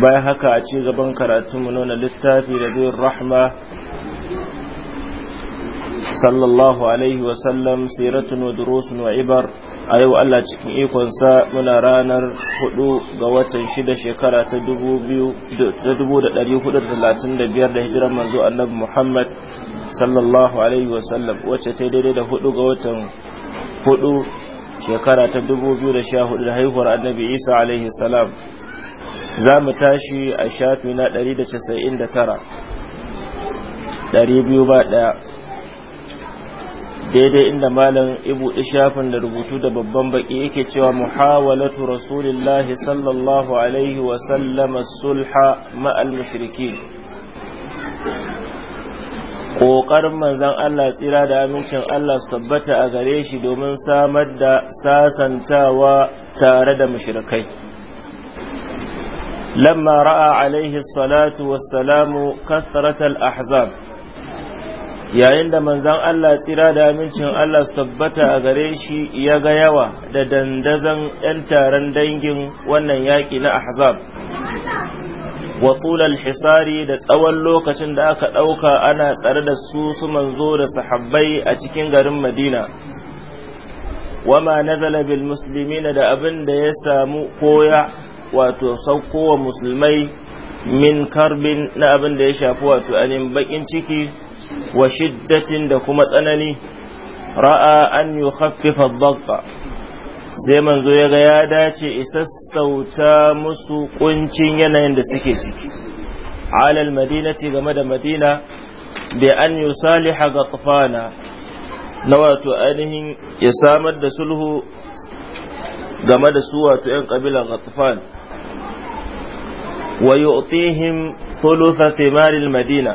bayan haka a ci gaban karatunmu nuna littafi da zuwan rahma sallallahu alaihi wasallam siratun wa ibar a yau Allah cikin ikonsa muna ranar 4 ga watan 6 shekara ta 2435 da hijiran manzo annabi Muhammad sallallahu alaihi wasallam wacce ta daidai da 4 ga watan 4 shekara ta 2014 da haihuwar annabi Isa alaihi salam za mu tashi a shafi na 199 biyu daidai inda malam ibu ishafin da rubutu da babban baki yake cewa muhawalatu rasulillahi sallallahu alaihi wa sulha ma'al mushriki ƙoƙarin manzan Allah tsira da amincin Allah su tabbata a gare shi domin samar da sasantawa tare da mushrikai لما رأى عليه الصلاة والسلام كثرة الأحزاب yayin da manzan Allah tsira da amincin Allah tabbata a gare shi ya ga yawa da dandazon 'yan taron dangin wannan yaƙi na ahzab wa hisari da tsawon lokacin da aka ɗauka ana tsare da su su manzo da sahabbai a cikin garin madina wama nazala bil muslimina da abin da ya samu koya wato saukowa musulmai min karbin na abin da ya shafi wato anin bakin ciki wa shiddatin da kuma tsanani ra'a an yi haffifa sai manzo ya ga ya dace isassauta musu kuncin yanayin da suke ciki alal madinati game da madina bi an ga tufana na wato ainihin ya samar da sulhu game da su wato 'yan ƙabilar ghatfan wa yu'tihim thulutha thimaril madina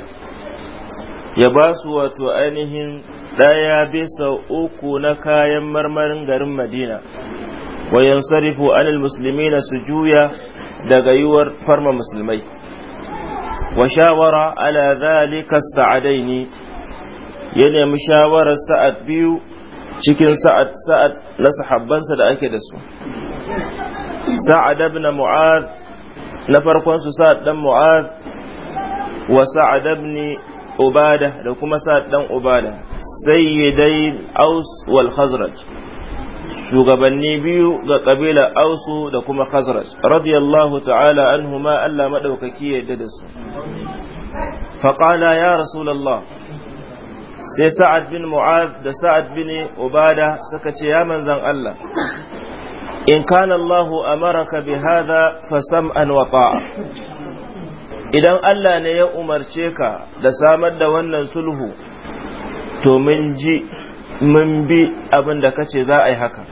ya ba su wato ainihin ɗaya bisa uku na kayan marmarin garin madina wa yansarifu anil muslimina su juya daga yiwuwar farma musulmai wa shawara ala zalika sa'adaini ya nemi shawarar sa'ad biyu cikin sa'ad sa'ad na sahabbansa da ake da su sa'ad ibn mu'ad na farkon su sa'ad dan mu'ad wa sa'ad ibn ubada da kuma sa'ad dan ubada sayyidai aus wal khazraj shugabanni biyu ga kabila ausu da kuma khazraj radiyallahu ta'ala anhuma Allah madaukaki ya yarda da su faqala ya rasulullah sai sa'ad bin mu'ad da sa'ad bin obada suka ce ya manzan Allah in kana Allahu amaraka bi hada fasam an waƙa idan Allah ne ya umarce ka da samar da wannan sulhu to mun ji mun bi abin da kace za a yi haka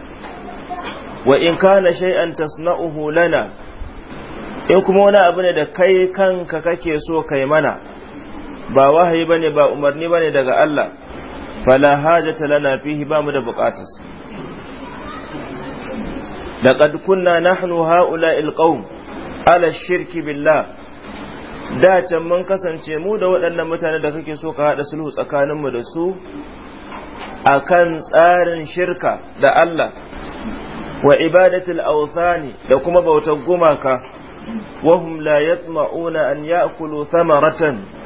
wa in kana shay'an tasna'uhu lana in kuma wani abu ne da kai kanka kake so kai mana ba wahayi bane ba umarni bane daga Allah fala hajata lana fihi ba mu da buƙatar laqad kunna nahnu haula alqawm ala shirki billah da can mun kasance mu da waɗannan mutane da kake so ka haɗa sulhu tsakaninmu da su akan tsarin shirka da Allah wa ibadatul awthani da kuma bautar gumaka wahum la yatma'una an ya'kulu thamaratan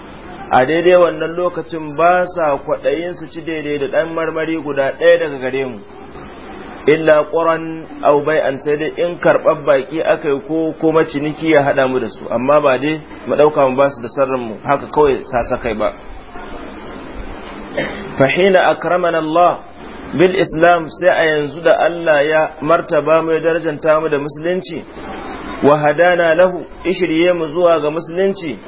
a daidai wannan lokacin ba sa kwaɗayin su ci daidai da ɗan marmari guda ɗaya daga gare mu illa ƙuran au bai an sai dai in karɓar baƙi aka yi ko kuma ciniki ya haɗa mu da su amma ba dai mu ɗauka mu ba su da sarrin mu haka kawai sasakai ba fahina akramana Allah bil islam sai a yanzu da Allah ya martaba mu ya darajanta mu da musulunci wa hadana lahu ishirye mu zuwa ga musulunci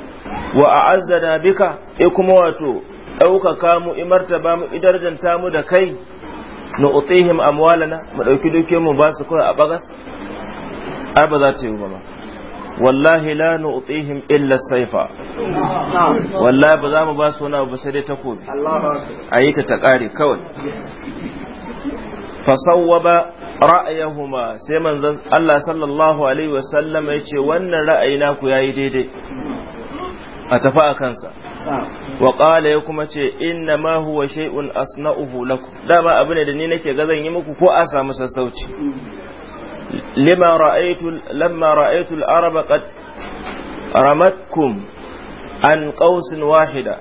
wa a'azzana bika e kuma wato ɗaukaka mu i martaba mu i darajanta mu da kai na utihim amwalana mu ɗauki dukiyar mu ba su kawai a bagas ai ba za ta yi ba wallahi la nu'tihim illa saifa wallahi ba za mu ba su wani abu sai dai takobi ayi ta ta kare kawai fasawwaba ra'ayahuma sai manzon Allah sallallahu alaihi wasallam ya ce wannan ra'ayi naku yayi daidai a tafi a kansa wa qala ya kuma ce inna ma huwa shay'un asna'uhu lakum dama abu ne da ni nake ga zan yi muku ko a samu sassauci lima ra'aytu lamma ra'aytu al an qausin wahida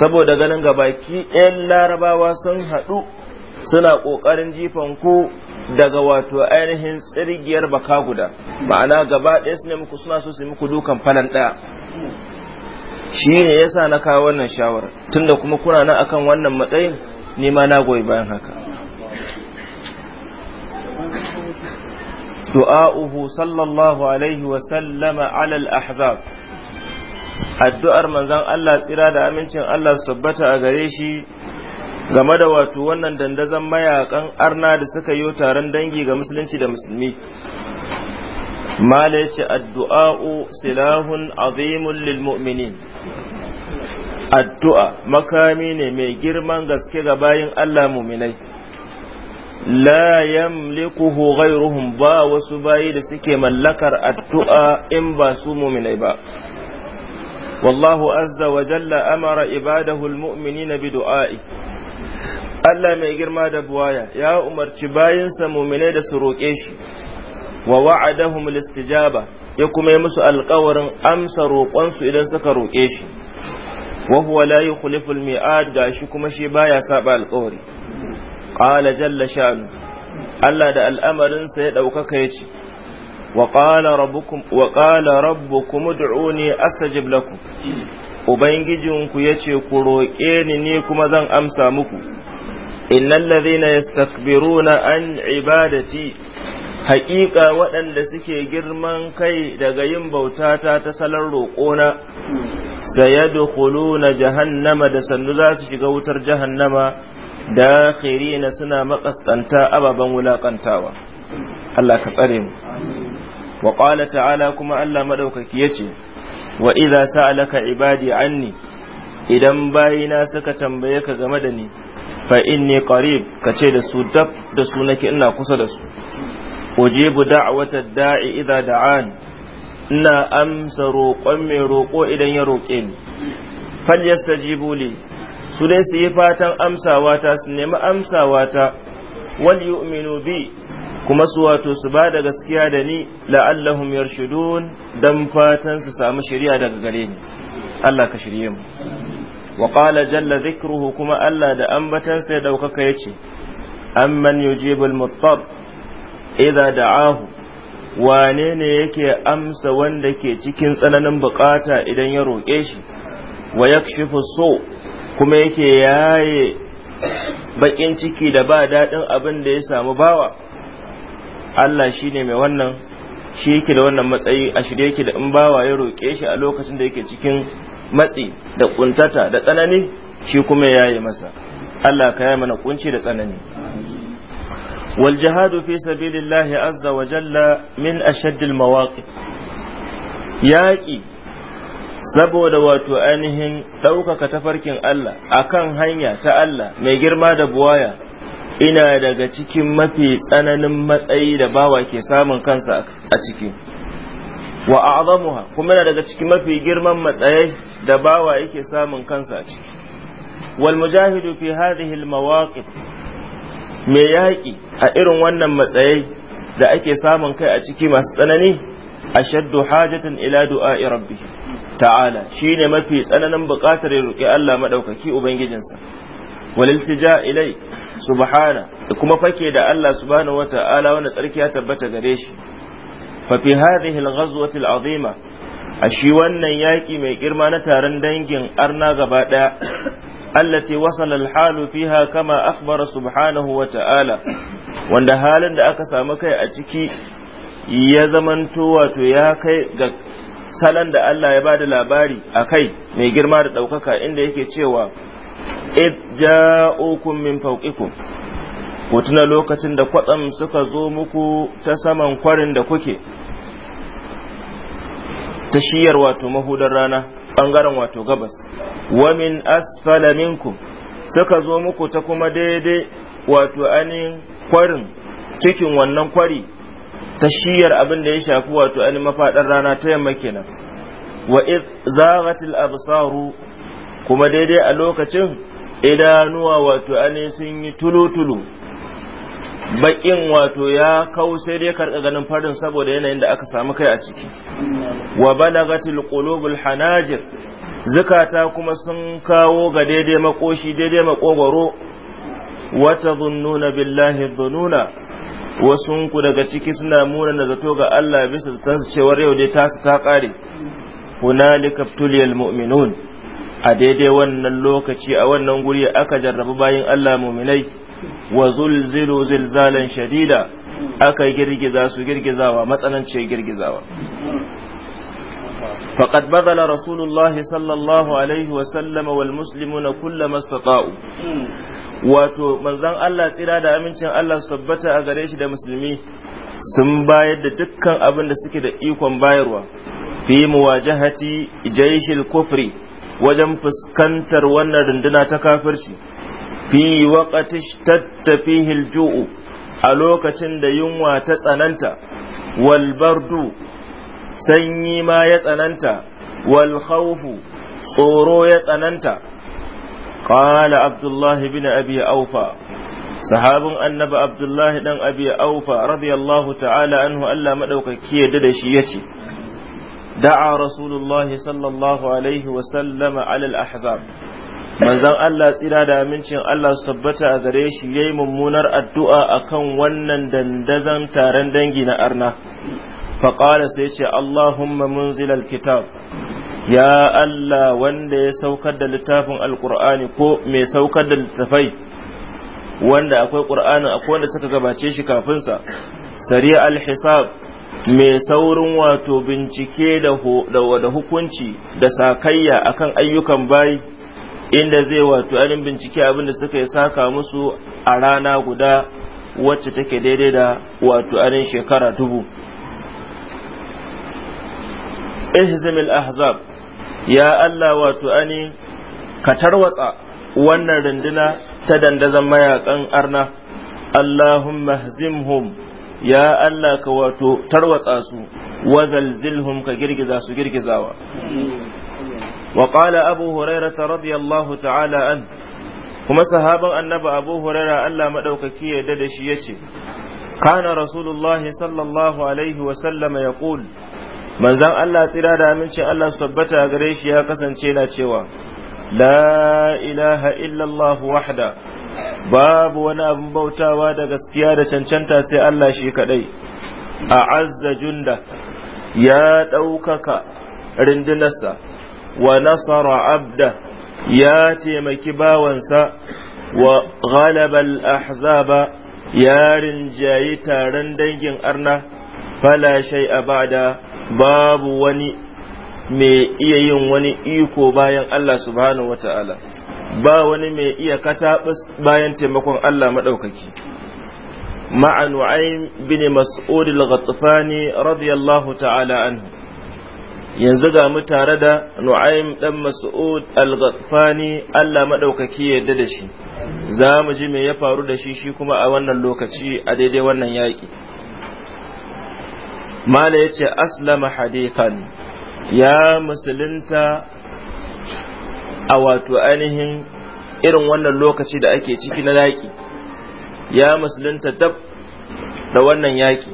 saboda ganin gabaki ɗayan larabawa sun haɗu suna ƙoƙarin jifan ku daga wato ainihin tsirgiyar baka guda ma'ana gaba ɗaya suna so su muku dukan falan ɗaya shi ne yasa na kawo wannan shawara tunda kuma kuna nan akan wannan matsayin ni ma na goyi bayan haka du'a'uhu sallallahu alaihi wa sallama alal ahzab addu'ar manzon Allah tsira da amincin Allah su tabbata a gare shi game da wato wannan dandazon mayakan arna da suka yi taron dangi ga musulunci da musulmi mala shi addu'a'u silahun azimun lil mu'minin addu'a makami ne mai girman gaske ga bayin Allah muminai la yamlikuhu ghairuhum ba wasu bayi da suke mallakar addu'a in ba su muminai ba wallahu azza wa jalla amara ibadahu almu'minina bi du'a'i Allah mai girma da buwaya ya umarci bayinsa muminai da su roƙe shi wa wa'adahum listijaba ya kuma yi musu alƙawarin amsa roƙonsu idan suka roƙe shi wa huwa la yukhlifu gashi kuma shi baya saba alƙawari qala jalla sha'nu Allah da al'amarinsa ya ɗaukaka ya ce, Wa ƙala rabbukum ud'uni astajib lakum Ubangijinku ya ce, Ku roƙe ni ne kuma zan amsa muku, Innan yastakbiru yastakbiruna an ibadati, haƙiƙa waɗanda suke girman kai daga yin bautata ta salon roƙona, sayadu na jahannama da sannu za su shiga wutar jahannama. Da na suna makastanta ababen wulakantawa Allah ka tsare mu wa qala ta'ala kuma Allah madaukaki yace wa idza sa'alaka ibadi anni idan bayina suka tambaye ka game da ni fa inni qarib kace da su dab da su nake ina kusa da su ujibu da'wata da'i idza da'an ina amsa roƙon mai roƙo idan ya roƙe ni fal yastajibu li su dai su yi fatan amsawa ta su nemi amsawa ta wal yu'minu bi kuma su wato su ba da gaskiya da ni la'allahum yarshudun dan fatan su samu shari'a daga gare ni Allah ka shirye mu wa qala jalla dhikruhu kuma Allah da ambatan sai daukaka yace amman yujibul muttab idza da'ahu wane ne yake amsa wanda ke cikin tsananin bukata idan ya roƙe shi wa yakshifu so kuma yake yaye bakin ciki da ba daɗin abin da ya samu bawa Allah shi ne mai wannan shi yake da wannan matsayi a shirye yake da in bawa ya roƙe shi a lokacin da yake cikin matsi da ƙuntata da tsanani shi kuma ya yaye masa Allah ka yaye mana kunci da tsanani wal jihadu fi sabilillahi azza wa jalla min ashaddil mawaqif yaƙi saboda wato ainihin ɗaukaka tafarkin Allah akan hanya ta Allah mai girma da buwaya ina daga cikin mafi tsananin matsayi da bawa ke samun kansa a ciki wa a'zamuha kuma ina daga cikin mafi girman matsayai da bawa yake samun kansa a ciki wal mujahidu fi hadhihi al mawaqif me yaki a irin wannan matsayi da ake samun kai a ciki masu tsanani ashaddu hajatan ila du'a'i rabbih ta'ala shine mafi tsananin buƙatar ya roƙi Allah maɗaukaki ubangijinsa waliltija ilai subhana da kuma fake da Allah subhanahu wa ta'ala wanda tsarki ya tabbata gare shi fa fi hadhihi al-azima a shi wannan yaƙi mai girma na taron dangin arna gaba ɗaya Allah ce al-halu fiha kama akhbara subhanahu wa ta'ala wanda halin da aka samu kai a ciki ya zamanto wato ya kai ga salon da Allah ya bada labari a kai mai girma da ɗaukaka inda yake cewa id ja'ukum min fawqikum ku tuna lokacin da kwatsam suka zo muku ta saman kwarin da kuke ta shiyar wato mahudar rana bangaren wato gabas wa min asfala minkum suka zo muku ta kuma daidai wato anin kwarin cikin wannan kwari ta shiyar abin da ya shafi wato ainihin mafaɗar rana ta yamma kenan wa iz zaghatil absaru kuma daidai a lokacin idanuwa wato ainihin sun yi tulutulu bakin wato ya kawo sai dai karka ganin farin saboda yanayin da aka samu kai a ciki wa balagatil qulubul hanajir zukata kuma sun kawo ga daidai makoshi daidai makogoro wata tadhunnuna billahi dhununa wasu ku daga ciki suna muna na zato ga Allah bisa ta cewar yau dai tasu ta kare hunalika mu'minun a daidai wannan lokaci a wannan guri aka jarrabu bayan Allah mu'minai wa zulzilu zilzalan shadida aka girgiza su girgizawa matsananciyar girgizawa فقد بذل رسول الله صلى الله عليه وسلم والمسلمون كل ما استطاعوا wato manzon Allah tsira da amincin Allah su tabbata a gare shi da musulmi sun bayar da dukkan abin da suke da ikon bayarwa fi muwajahati jaishil kufri wajen fuskantar wannan runduna ta kafirci fi waqati tattafihi ju'u a lokacin da yunwa ta tsananta wal bardu sanyi ma ya tsananta wal khawfu tsoro ya tsananta قال عبد الله بن أبي أوفى صحاب النبى عبد الله بن أبي أوفى رضي الله تعالى عنه ألا مدوك كي ددشيتي دعا رسول الله صلى الله عليه وسلم على الأحزاب manzon Allah tsira da amincin Allah su tabbata a gare shi ya yi mummunar addu'a a kan wannan dandazan taron dangi na arna faƙala sai ce Allahumma munzilal kitab ya Allah wanda ya saukar da littafin alkur'ani ko mai saukar da littafai wanda akwai ƙur'ani akwai wanda suka gabace shi kafinsa sari alhisab mai saurin wato bincike da hukunci da sakayya akan ayyukan bayi inda zai wato ainihin bincike abin da suka yi saka musu a rana guda wacce take daidai da wato ainihin shekara dubu ihzimil ahzab ya Allah wato ani ka tarwatsa wannan runduna ta dandazon mayaƙan arna Allahumma hzimhum ya Allah ka wato tarwatsa su wa zalzilhum ka girgiza su girgizawa wa qala abu hurairah radiyallahu ta'ala an kuma sahaban annabi abu hurairah Allah maɗaukaki ya da shi ya ce. kana rasulullahi sallallahu alaihi wa sallama yaqul manzan Allah tsira da amincin Allah su tabbata gare shi ya kasance na cewa la ilaha illallah wahda babu wani abin bautawa da gaskiya da cancanta sai Allah shi kadai a azza junda ya ɗaukaka rindinarsa wa nasara abda ya taimaki bawansa wa ghalabal ahzaba ya rinjayi taron dangin arna fala shay'a ba'da babu wani mai iya yin wani iko bayan Allah subhanahu wata'ala ba wani mai iya kataɓas bayan taimakon Allah maɗaukaki ma'an wa'ayin بن مسعود الغطفاني رضي الله تعالى yanzu ga mu tare da Nu'aim dan Mas'ud Al-Ghaffani Allah madaukaki yadda da shi za mu ji me ya faru da shi shi kuma a wannan lokaci a daidai wannan yaki mala ya ce aslama hadifan ya musulunta a wato ainihin irin wannan lokaci da ake ciki na yaƙi ya musulunta dab da wannan yaƙi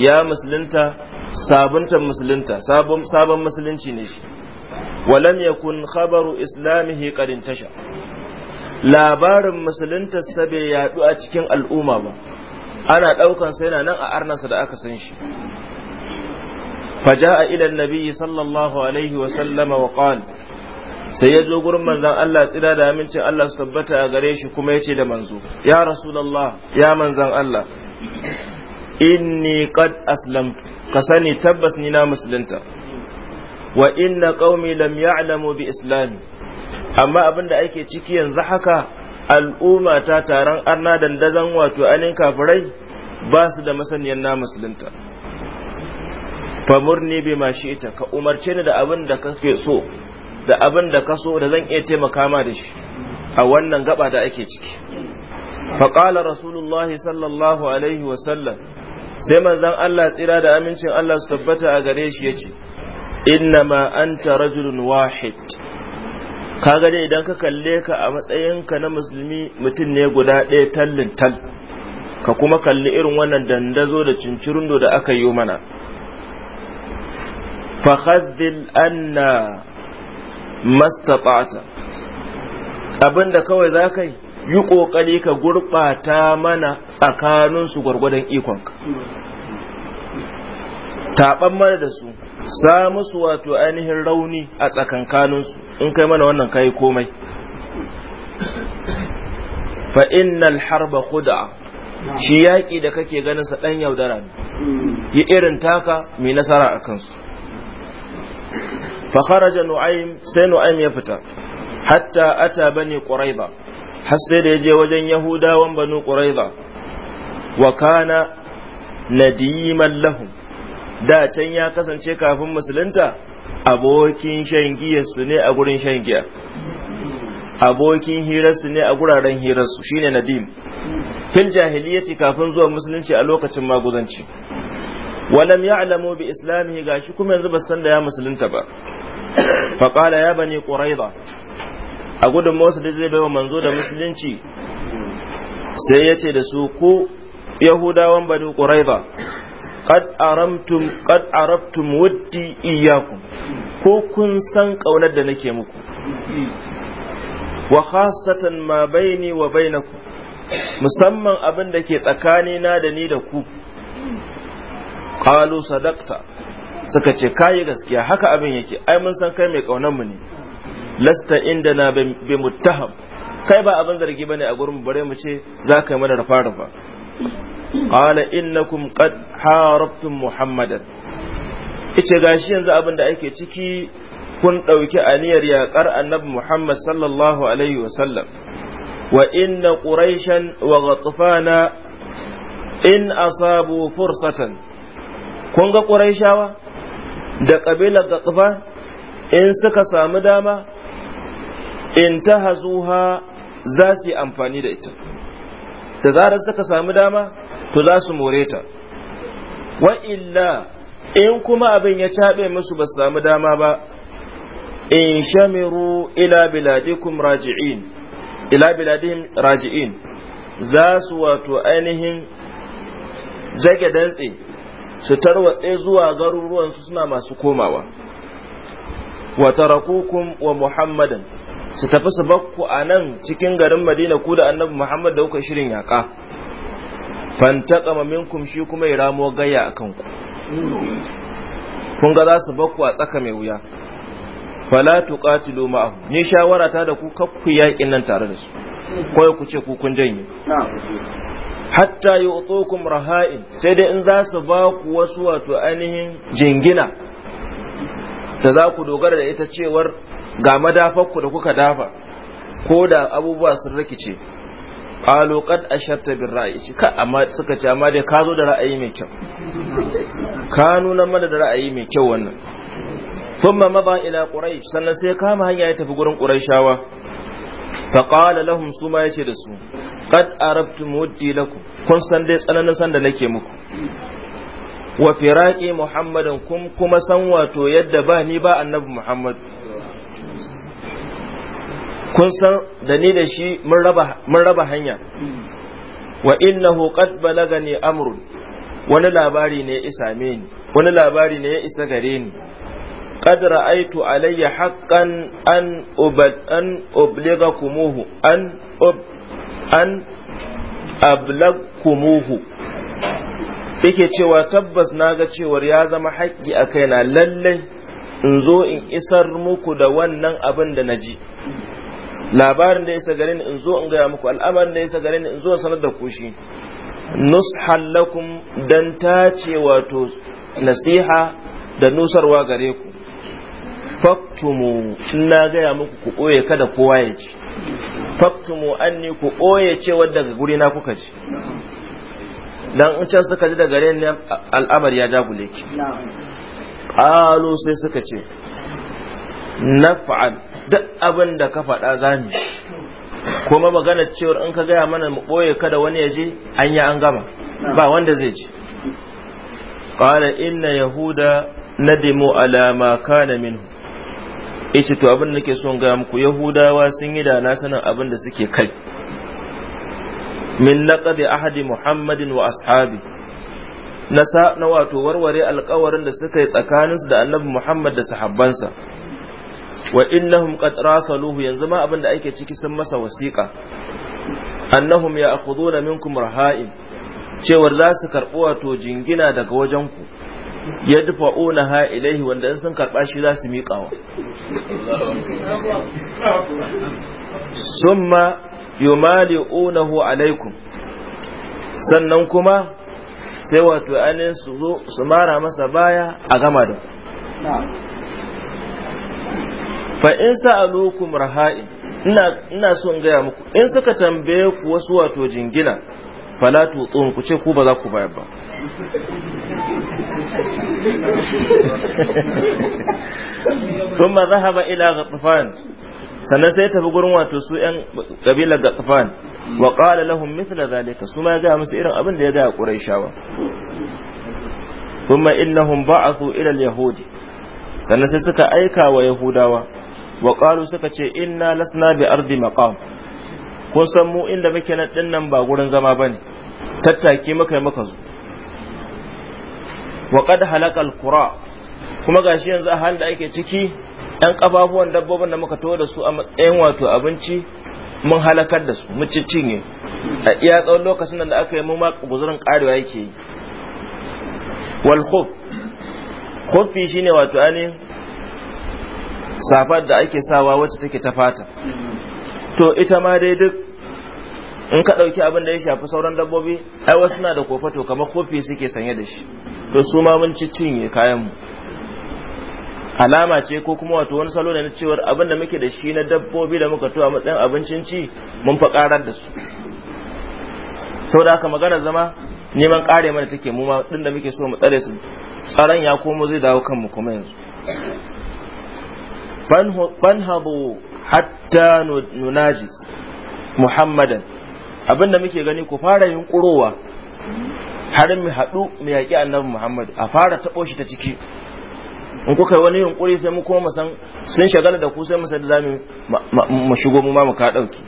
ya musulunta sabunta musulunta sabon musulunci ne shi walam yakun khabaru islamihi qadin tasha labarin musuluntarsa bai yadu a cikin al'umma ba ana ɗaukan sa yana nan a arnasa da aka san shi faja'a ila nabiyyi sallallahu alaihi wa sallama wa sai ya zo gurin manzan Allah tsira da amincin Allah su tabbata a gare shi kuma yace da manzo ya rasulullah ya manzon Allah inni qad aslam ka sani tabbas ni na musulunta wa inna qaumi lam ya'lamu bi islami amma abinda ake ciki yanzu haka al'umma ta taron arna dandazan wato anin kafirai ba su da masaniyar na musulunta famurni bi ma shi ita ka umarce ni da abin da kake so da abin da ka so da zan iya taimaka ma da shi a wannan gaba da ake ciki faƙala rasulullah sallallahu alaihi wasallam sai manzan allah tsira da amincin allah su tabbata a gare shi ya ce innama anta rajulun wahid Ka ga dai idan ka kalle ka a matsayinka na musulmi mutum ne guda ɗaya tallin tal ka kuma kalli irin wannan dandazo da cincirin da aka yi mana fahadil anna abinda kawai za ka yi yi ƙoƙari ka gurɓata mana tsakaninsu gwargwadon ikonka taɓan mana da su sa musu wato ainihin rauni a tsakankaninsu in kai mana wannan kai komai fa innal harba khud'a shi yaƙi da kake ganin sa ɗan yaudara ne yi irin taka mai nasara a kansu fa kharaja nu'aym sai nu'aym ya fita hatta ata bani quraiba har sai da yaje wajen yahudawan banu quraiba wa kana nadiman lahum da can ya kasance kafin musulunta abokin shan su ne a gurin shan giya abokin hirarsu ne a guraren hirarsu shine nadim fil jahiliyyati kafin zuwa musulunci a lokacin maguzanci walam ya'lamu bi islamihi gashi kuma yanzu ba san da ya musulunta ba fa qala ya bani quraida a gudun musu da zai baiwa manzo da musulunci sai ya ce da su ku yahudawan bani quraida qad aramtum qad arabtum waddi iyyakum ko kun san kaunar da nake muku wa khassatan ma baini wa bainakum musamman abin da ke tsakanina da ni da ku qalu sadaqta suka ce kayi gaskiya haka abin yake ai mun san kai mai kaunar mu ne lasta inda na bi muttaham kai ba abin zargi bane a gurin bare mu ce za ka yi mana rafa rafa qala innakum qad harabtum muhammadan ice gashi yanzu abin da ake ciki kun ɗauki aniyar yaƙar annabi muhammad sallallahu alaihi wasallam wa inna quraishan wa ghatfana in asabu fursatan kun ga quraishawa da ƙabilar ghatfan in suka samu dama in ta za su yi amfani da ita da zarar suka samu dama to za su more ta wa illa in kuma abin ya caɓe musu ba su samu dama ba in shamiru ila biladikum raji'in ila biladihim raji'in za su wato ainihin zage dantse su tarwatse zuwa garuruwansu suna masu komawa wa tarakukum wa muhammadan su tafi su bakku a nan cikin garin madina ku da annabi muhammad da kuka shirin yaƙa fantaqama minkum shi kuma ya ramo gaya akan ku kun ga za su bakku a tsaka mai wuya fala tuqatilu ma'ahu ni shawara ta da ku kakku yakin nan tare da su ko ku ce ku kun janye hatta yu'tukum raha'in sai dai in za su ba ku wasu wato ainihin jingina da za ku dogara da ita cewar ga madafar ku da kuka dafa ko da abubuwa sun rikice qalu qad ashatta bir ra'yi ka amma suka ce amma dai ka zo da ra'ayi mai kyau ka nuna mana da ra'ayi mai kyau wannan thumma mada ila quraish sannan sai kama hanya ya tafi gurin quraishawa fa qala lahum suma yace da su qad arabtum waddi lakum kun san dai tsananin san da nake muku wa firaqi muhammadin kum kuma san wato yadda ba ni ba annabi muhammad kun san da ni da shi mun raba hanya wa innahu qad balagani amrun wani labari ne ya isa ni wani labari ne ya isa gare ni qad ra'aytu alayya haqqan an ubad an ubligakumuhu an ub an ablagkumuhu yake cewa tabbas na ga cewar ya zama haƙƙi a kaina lallai in zo in isar muku da wannan abin da na ji labarin da isa gare ni in zo in gaya muku al'amarin da isa gare ni in zo sanar da ku shi nushan lakum dan ce wato nasiha da nusarwa gare ku faktumu in na gaya muku ku ɓoye kada kowa ya ci faktumu an ni ku ɓoye wadda daga guri na kuka ci dan in can suka ji da gare ne al'amar ya jagule ki Alu sai suka ce naf'al duk abin da ka faɗa za mu kuma maganar cewar in ka gaya mana mu ɓoye kada wani ya je an yi an gama ba wanda zai je ƙwala inna yahuda nadimu ala ma kana minhu ishi to abin da nake son ga muku yahudawa sun yi da na sanin abin da suke kai min naqdi ahadi muhammadin wa ashabi na wato warware alkawarin da suka yi tsakaninsu da annabi muhammad da sahabbansa wa innahum qad rasaluhu yanzu ma abin da ake ciki sun masa wasiqa annahum ya'khuduna minkum raha'in cewar za su karɓi wato jingina daga wajen ku ya ha ilaihi wanda in sun karɓa shi za su miƙawa summa yumali'unahu alaikum sannan kuma sai wato ainihin su zo su mara masa baya a gama da ku fa in sa'alukum raha'in ina ina so in gaya muku in suka tambaye ku wasu wato jingina fala tutun ku ce ku ba za ku bayar ba kuma zahaba ila ghatfan sannan sai tafi gurin wato su yan kabilar ghatfan wa qala lahum mithla zalika su ma ya gaya musu irin abin da ya gaya quraishawa kuma innahum ba'athu ila al-yahudi sannan sai suka aika wa yahudawa wa qalu suka ce inna lasna bi ardi maqam kun san mu inda muke nan dinnan ba gurin zama bane tattake muka muka zo wa qad halaqal qura kuma gashi yanzu a halin da ake ciki ɗan ƙafafuwan dabbobin da muka taho da su a matsayin wato abinci mun halakar da su mu cinye a iya tsawon lokacin da aka yi mu ma guzurin karewa yake yi wal khuf khufi shine wato ani safar da ake sawa wacce take ta fata to ita ma dai duk in ka ɗauki abin da ya shafi sauran dabbobi ai wasu na da kofa to kamar kofi suke sanye da shi to su ma mun ci cinye kayan mu alama ce ko kuma wato wani salo ne na cewar abin da muke da shi na dabbobi da muka tuwa matsayin abincin ci mun fa karar da su saboda haka magana zama neman kare mana take mu ma din da muke so mu tsare su tsaron ya komo zai dawo kanmu kuma yanzu fanhabu hatta nunajis muhammadan abinda muke gani ku fara yunkurowa har mu haɗu mu yaƙi annabi muhammad a fara taɓo shi ta ciki in kuka yi wani yunkuri sai mu kuma mu san sun shagala da ku sai mu sai zamu mu shigo mu ma mu ka ɗauki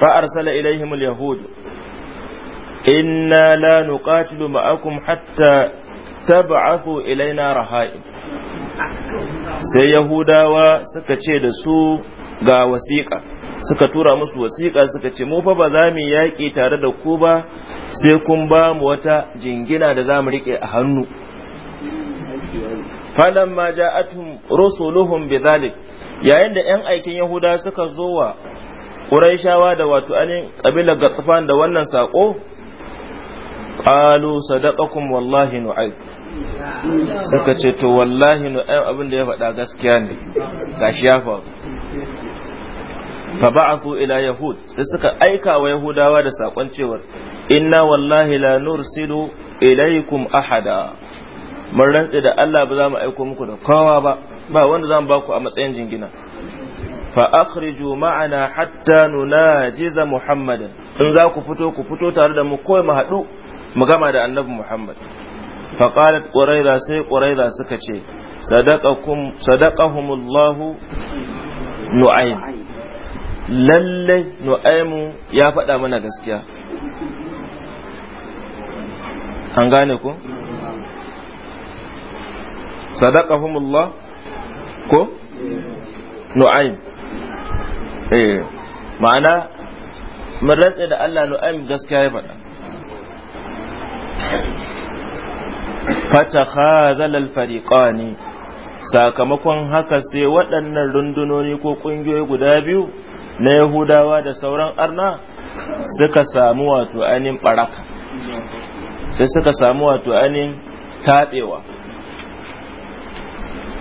fa arsala ilaihim al-yahud inna la nuqatilu ma'akum hatta tab'athu ilaina raha'ib sai yahudawa suka ce da su ga wasiƙa suka tura musu wasiƙa suka ce mu fa ba za mu yaƙi tare da ku ba sai kun ba mu wata jingina da za mu riƙe a hannu ma ja'atuhum rusuluhum bidhalik yayin da yan aikin yahuda suka zo wa quraishawa da wato anin kabilar gatsafan da wannan sako qalu sadaqakum wallahi nu'ayb suka ce to wallahi nu'aym abin da ya faɗa gaskiya ne gashi ya fa ba'athu ila yahud sai suka aika wa yahudawa da sakon cewa inna wallahi la nursilu ilaikum ahada mun rantse da Allah ba za mu aiko muku da kowa ba ba wanda za mu ba ku a matsayin jingina fa akhriju ma'ana hatta nunajiza muhammadan in za ku fito ku fito tare da mu kawai mu haɗu mu gama da annabi muhammad faƙalat ƙuraira sai ƙuraira suka ce sadaƙahumullahu nu'aim lallai nu'aimu ya faɗa mana gaskiya an gane ku sadaƙahumullah ko nu'aim ma'ana mun rantse da Allah nu'aim gaskiya ya faɗa fatakhazal al-fariqani sakamakon haka sai waɗannan rundunoni ko ƙungiyoyi guda biyu na Yahudawa da sauran arna suka samu wato anin baraka sai suka samu wato anin taɓewa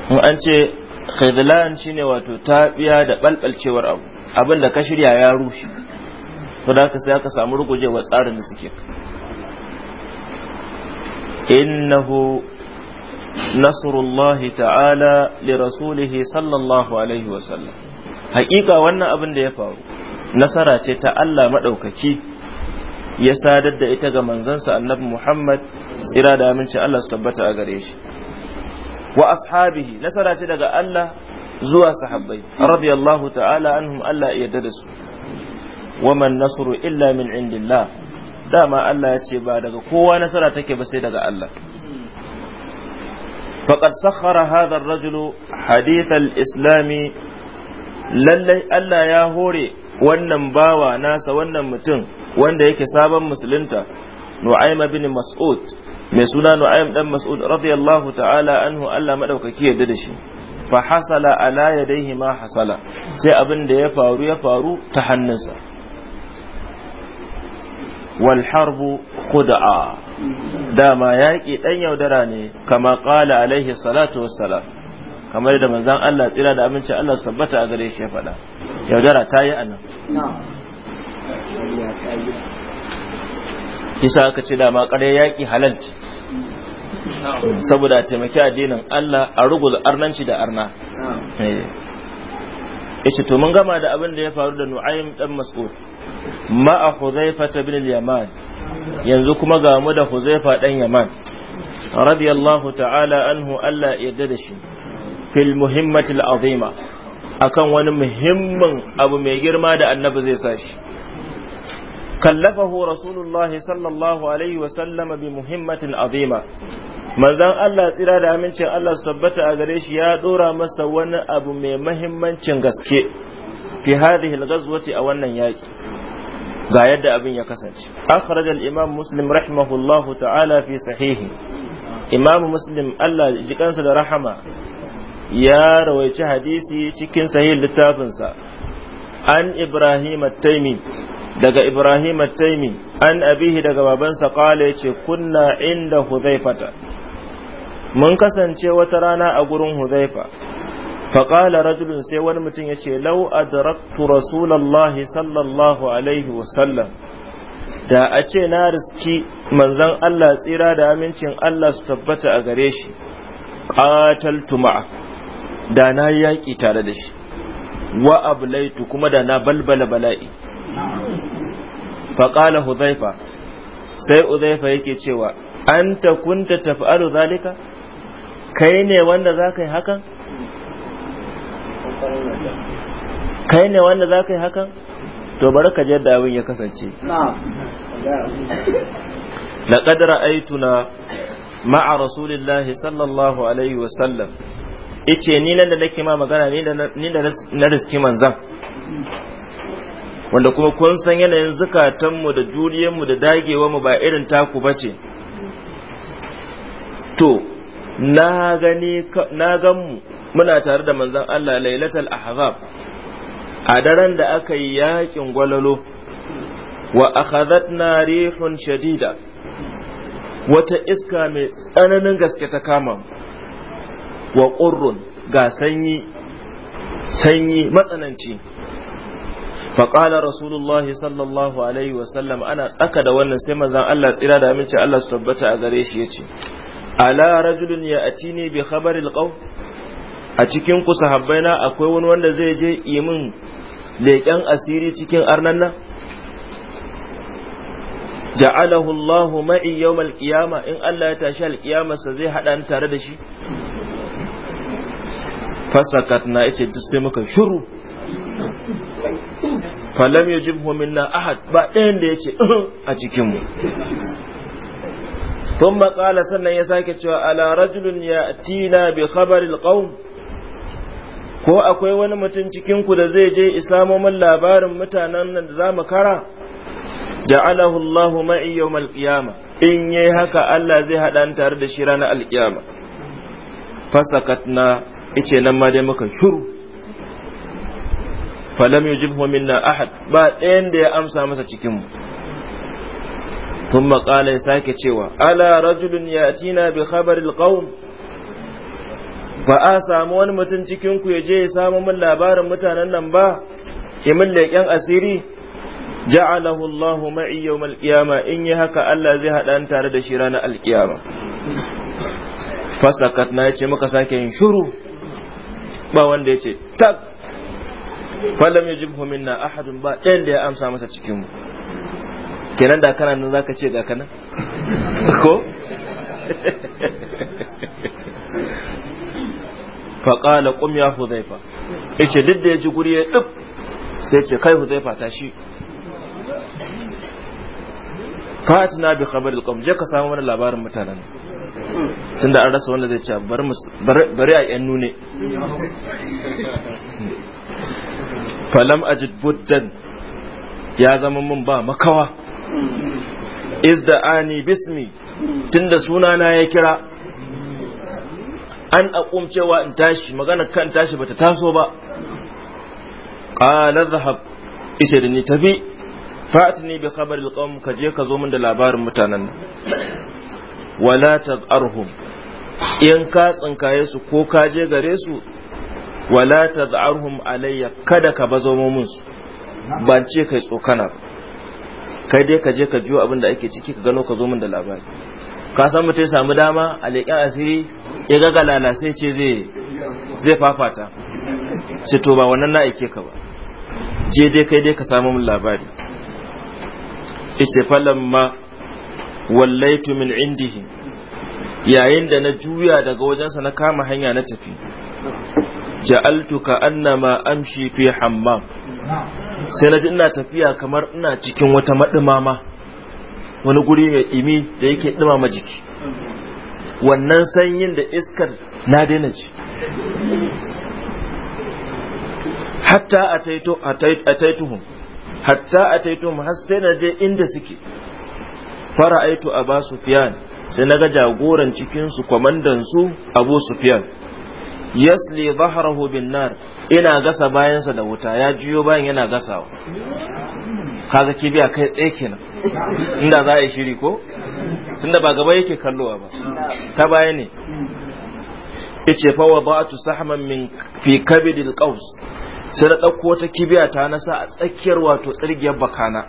in an ce khidlan shine wato taɓiya da ɓalɓalcewar abu abin da ka shirya ya rushe to da haka sai aka samu rugujewar tsarin da suke إنه نصر الله تعالى لرسوله صلى الله عليه وسلم حقيقة وانا أبن دي فارو نصر تتألى مدوككي يسادد دا إتغى منزنس النبي محمد إرادة من شاء الله استبت أغريش وأصحابه نصر تتغى الله زوا صحابي رضي الله تعالى عنهم ألا يدرسوا وما النصر إلا من عند الله dama Allah ya ce ba daga kowa nasara take ba sai daga Allah faqad sakhara hadha ar-rajul hadith al-islami lallai Allah ya hore wannan bawa nasa wannan mutum wanda yake sabon musulunta Nu'aym bin Mas'ud mai suna Nu'aym dan Mas'ud radiyallahu ta'ala anhu Allah madaukaki yadda da shi fa hasala ala yadayhi ma hasala sai abin da ya faru ya faru ta hannunsa wal harbu dama yaƙi ɗan yaudara ne kama ƙala alaihi salatu wassalam kamar da manzan Allah tsira da abinci Allah sabbata tabbata a gare shi ya faɗa yaudara ta yi anan isa aka ce dama ƙarya yaƙi halal ce saboda taimaki addinin Allah a rugul arnanci da arna ishe to mun gama da abin da ya faru da nu'aym dan mas'ud ma'a huzaifa bin al-yaman yanzu kuma ga mu da huzaifa dan yaman radiyallahu ta'ala anhu Allah yarda da shi fil muhimmati al-azima akan wani muhimmin abu mai girma da annabi zai sa shi kallafahu rasulullahi sallallahu alaihi wa sallama bi muhimmatin azima manzan Allah tsira da amincin Allah su tabbata a gare shi ya dora masa wani abu mai mahimmancin gaske fi hadhihi al-ghazwati a wannan yaki ga yadda abin ya kasance akhraj al-imam muslim rahimahullahu ta'ala fi sahihi imam muslim Allah ji kansa da rahama ya rawaici hadisi cikin littafin littafinsa an ibrahim at-taymi daga ibrahim at-taymi an abihi daga babansa qala yace kunna inda hudhaifata mun kasance wata rana a gurin huzaifa faƙala rajulun sai wani mutum ya ce lau adraktu rasulallahi sallallahu alaihi wasallam da a ce na riski manzan Allah tsira da amincin Allah su tabbata a gare shi ƙataltu da na yaƙi tare da shi wa ablaitu kuma da na balbala bala'i faƙala huzaifa sai huzaifa yake cewa an kunta taf'alu zalika kai ne wanda za ka yi hakan kai ne wanda za ka yi hakan to bari ka je da abin ya kasance na رأيتنا aituna ma'a الله sallallahu alaihi عليه وسلم ice ni nan da nake ma magana ni da na riski manzan wanda kuma kun san yanayin zukatanmu da juriyanmu da dagewa mu ba irin taku ba ce to na gan mu ganmu muna tare da manzon Allah lailatul ahzab a daren da aka yi yakin gwalalo wa akhadhatna rihun shadida wata iska mai tsananin gaske ta kama wa qurrun ga sanyi sanyi matsananci faƙala rasulullah sallallahu alaihi wasallam ana tsaka da wannan sai manzon Allah tsira da amince Allah su tabbata a gare shi yace ala rajulun ya ne bi khabaril qaw a cikin ku sahabbaina akwai wani wanda zai je imin min leƙen asiri cikin arnan nan ja'alahu Allah ma'i yawmal qiyama in Allah ya tashi qiyama sa zai hada ni tare da shi fasakat na yace duk sai muka shuru falam yajibhu minna ahad ba ɗayan da yace uhh, a cikin mu ثم قال سنة يساك على رجل يأتينا بخبر القوم ko akwai wani mutum cikinku da zai je isamo min labarin mutanen nan da za mu kara ja'alahu Allah ma'i yawmal qiyama in yayi haka Allah zai hada ni tare da shi ranar alkiyama fasakatna ice nan ma dai muka shuru falam yujibhu minna ahad ba ɗayan da ya amsa masa cikin mu ثم قال يساك تشوى ألا رجل يأتينا بخبر القوم ba a samu wani mutum cikinku ya je ya samu min labarin mutanen nan ba ya min leƙen asiri ja'alahu Allahu ma'i yawmal qiyama in yi haka Allah zai haɗa ni tare da shi ranar alƙiyama fasakat na yace muka sake yin shuru ba wanda yace tak falam yajibhu minna ahadun ba ɗayan da ya amsa masa cikin mu kenan da kana nan zaka ce ga kana ko faƙala ƙum ya huzaifa yace duk da yaji guri ya dub sai ce kai huzaifa ta shi fatina bi khabar qum je ka samu wani labarin mutanen tunda an rasa wanda zai ce bari a yan nune falam ajid buddan ya zama mun ba makawa is da ani bismi tunda sunana ya kira an aqum cewa in tashi magana kan tashi bata taso ba qala dhahab ishe da ni tafi ne bai khabari alqawm ka je ka zo min da labarin mutanen wala tazarhum in ka tsinkaye su ko ka je gare su wala tazarhum alayya kada ka bazo mun su ban ce kai tsokana ba kai dai ka je ka jiyo abin da ake ciki ka gano ka zo min da labari ka san mutum ya samu dama a leƙen asiri ya ga galala sai ce zai fafata ce to ba wannan na aike ka ba je dai kai dai ka samu min labari ce ma wallaitu min indihi yayin da na juya daga wajensa na kama hanya na tafi ja'altu ka annama amshi fi hammam sai na ji ina tafiya kamar ina cikin wata maɗumama wani guri mai ɗimi da yake ɗumama jiki wannan sanyin da iskar na daina ji hatta a taituhun hatta a taituhun har sai na je inda suke fara aito a ba sai na ga jagoran cikinsu kwamandansu abu fiya. yasli zahrahu bin nar ina gasa bayansa da wuta ya jiyo bayan yana gasawa kaga kibiya kai tsaye kenan inda za a yi shiri ko tunda ba gaba yake kallowa ba ta baya ne yace fa wada'tu sahman min fi kabidil alqaus sai na dauko wata kibiya ta sa a tsakiyar wato tsirgiyar bakana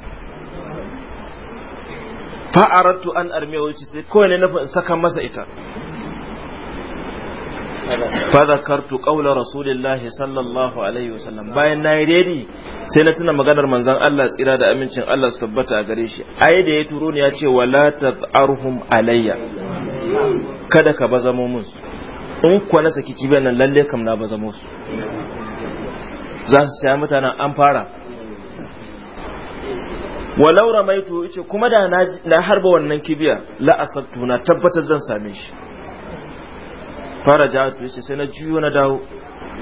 fa aradtu an armiya wuce sai kawai ne na saka masa ita fa zakartu qawla rasulillahi sallallahu alaihi wasallam bayan nayi redi sai na tuna maganar manzon Allah tsira da amincin Allah su tabbata a gare shi ai da ya turo ya ce wala tazarhum alayya kada ka bazamo mun in kuwa na saki kibiyar nan lalle kam na bazamo su za su saya mutanen an fara walau ramaitu yace kuma da na harba wannan kibiya la na tabbatar zan same shi farajatu ce sai na juyo na dawo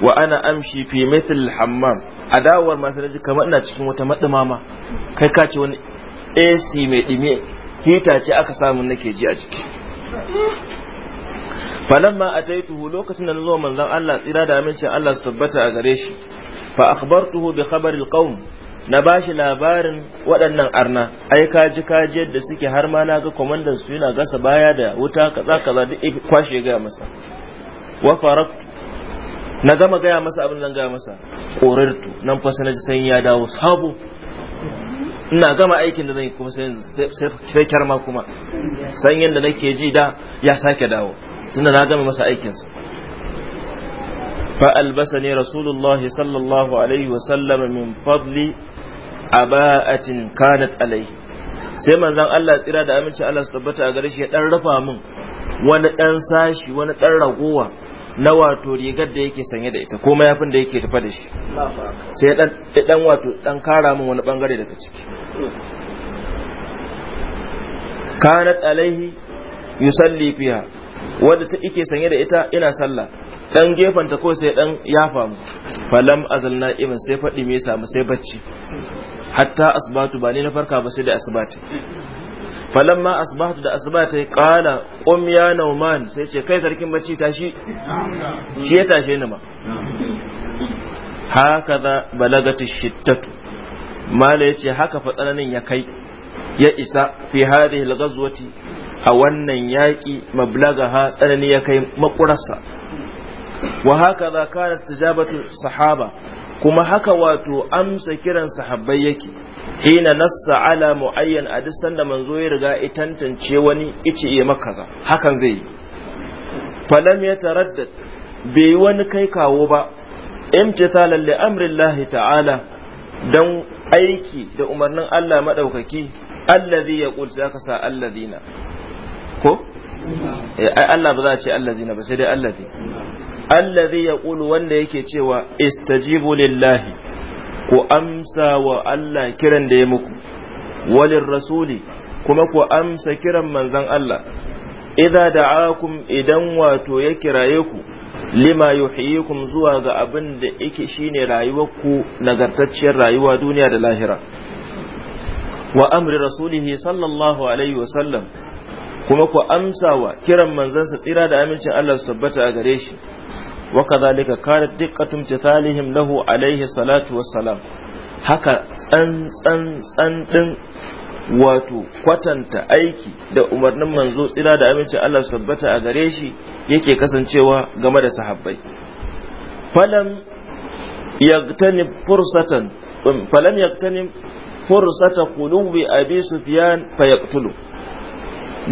wa ana amshi fi mithl hammam a dawowar ma sai kamar ina cikin wata madumama kai ka ce wani AC mai dime hita ce aka samu nake ji a ciki falamma ataituhu lokacin da nazo manzon Allah tsira da amincin Allah su tabbata a gare shi fa akhbartuhu bi khabaril qaum na bashi labarin waɗannan arna ai ka ji yadda suke har ma na ga kwamandan su yana gasa baya da wuta kaza kaza duk kwashe ga masa wa faraktu na gama gaya masa abin nan gaya masa ƙorartu nan fa sanaji sai ya dawo sabo ina gama aikin da zan kuma sai kyarma kuma sanyin da nake ji da ya sake dawo tunda na gama masa aikinsa فألبسني رسول sallallahu alaihi الله عليه وسلم من فضل أباءة كانت عليه sai manzon Allah tsira da aminci Allah su tabbata a gare shi ya dan rafa min wani ɗan sashi wani ɗan ragowa na wato rigar da yake sanye da ita ko mayafin da yake tafa da shi sai dan dan wato dan kara min wani bangare daga ciki kanat alaihi yusalli fiha wanda ta ike sanye da ita ina sallah dan gefen ta ko sai dan ya famu falam azal na'iman sai fadi me samu sai bacci hatta asbatu ba ni na farka ba sai da asbati falamma asbahtu da asbata qala qum ya nauman sai ce kai sarkin bacci tashi shi ya tashe ni ma hakaza balagati shittatu mala yace haka fa tsananin ya kai ya isa fi hadhihi al-ghazwati a wannan yaki ha tsanani ya kai makurarsa wa hakaza kanat tijabatu sahaba kuma haka wato amsa kiran sahabbai yake hina nassa ala muayyan a duk sanda manzo ya riga itantance tantance wani ice ya makaza hakan zai yi falam ya taraddad bai yi wani kai kawo ba imtithalan li amrillahi ta'ala dan aiki da umarnin Allah madaukaki allazi ya qul aka sa allazina ko eh, Allah ba za a ce allazina ba sai dai allazi allazi yaqulu wanda yake cewa istajibu lillahi ku amsa wa Allah kiran da ya muku walin rasuli kuma ku amsa kiran manzon Allah idza da'akum idan wato ya kiraye ku lima yuhyikum zuwa ga abin da yake shine ku nagartacciyar rayuwa duniya da lahira wa amri rasulihi sallallahu alaihi wa sallam, kuma ku amsa wa kiran manzansa tsira da amincin Allah su tabbata a gare shi وكذلك كانت دقة امتثالهم له عليه الصلاة والسلام haka tsantsan ɗin wato kwatanta aiki da umarnin manzo tsira da aminci Allah su tabbata a gare shi yake kasancewa game da sahabbai falam yagtanim fursatan falam yagtanim fursata qulubi abi sufyan fayaqtulu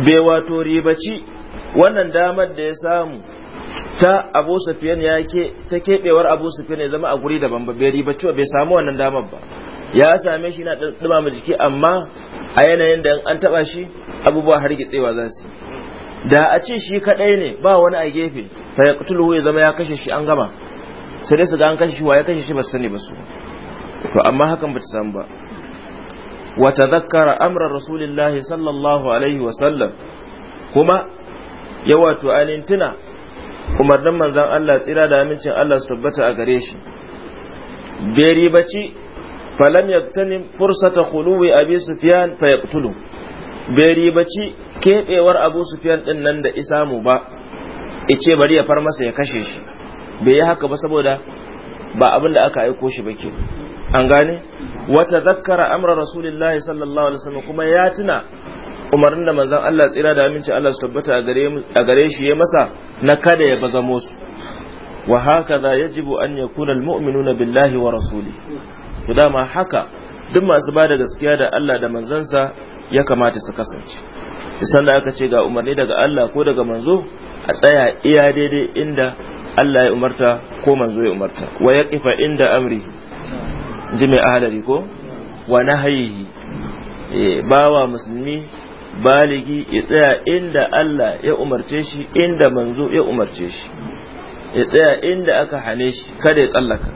bai wato ribaci wannan damar da ya samu ta abu sufiyan ya ke ta keɓewar abu sufiyan ya zama a guri daban ba bai riba cewa bai samu wannan damar ba ya same shi na ɗumama mu jiki amma a yanayin da an taɓa shi abubuwa har gitsewa za su da a ce shi kaɗai ne ba wani a gefe fa ya ya zama ya kashe shi an gama sai dai su ga an kashe shi wa ya kashe shi ba su sani ba su to amma hakan ba ta samu ba wa tadhakkara amra rasulillahi sallallahu alaihi wa sallam kuma ya wato tuna umarnin manzan Allah tsira da amincin Allah su tabbata a gare shi bai ribaci falam yaktanim fursata khuluwi abi sufyan fa yaqtulu bai ribaci kebewar abu sufyan din nan da isamu ba ice bari ya far masa ya kashe shi bai yi haka ba saboda ba abin da aka aiko shi ke an gane wata zakkara amra rasulullahi sallallahu alaihi wasallam kuma ya tuna umarnin da manzon Allah tsira da aminci Allah su tabbata a gare shi ya masa na kada ya baza musu wa hakaza yajibu an yakuna na billahi wa rasuli to dama haka duk masu ba da gaskiya da Allah da manzansa ya kamata su kasance isan da aka ce ga umarni daga Allah ko daga manzo a tsaya iya daidai inda Allah ya umarta ko manzo ya umarta wa yaqifa inda amri ji ahalari ko wa nahayi eh, bawa musulmi baligi ya tsaya inda Allah ya umarce shi inda manzo ya umarce shi ya tsaya inda aka hane shi kada ya tsallaka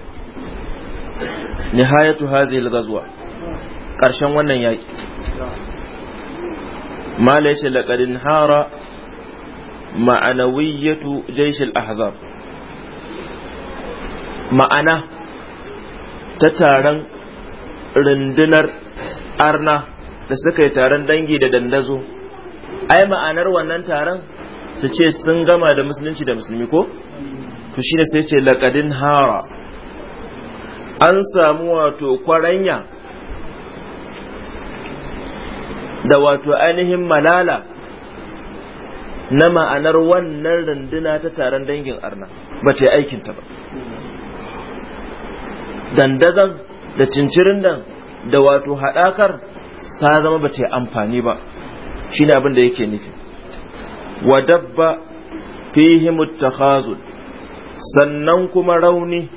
nihayatu hazil gazwa Karshen wannan yaki mala laqadin hara ma'anawiyyatu jaishil ahzab ma'ana ta taron rundunar arna da suka yi taron dangi da dandazo ai ma'anar wannan taron su ce sun gama da musulunci da musulmi ko to shine sai ce laqadin hara an samu wato kwaranya da wato ainihin malala na ma'anar wannan runduna ta taron dangin arna ba ta yi aikinta ba dandazan da cincirin da wato haɗakar ta zama ba ta yi amfani ba shi ne abin da yake nufi wa dabba fihi muttakhazul sannan kuma rauni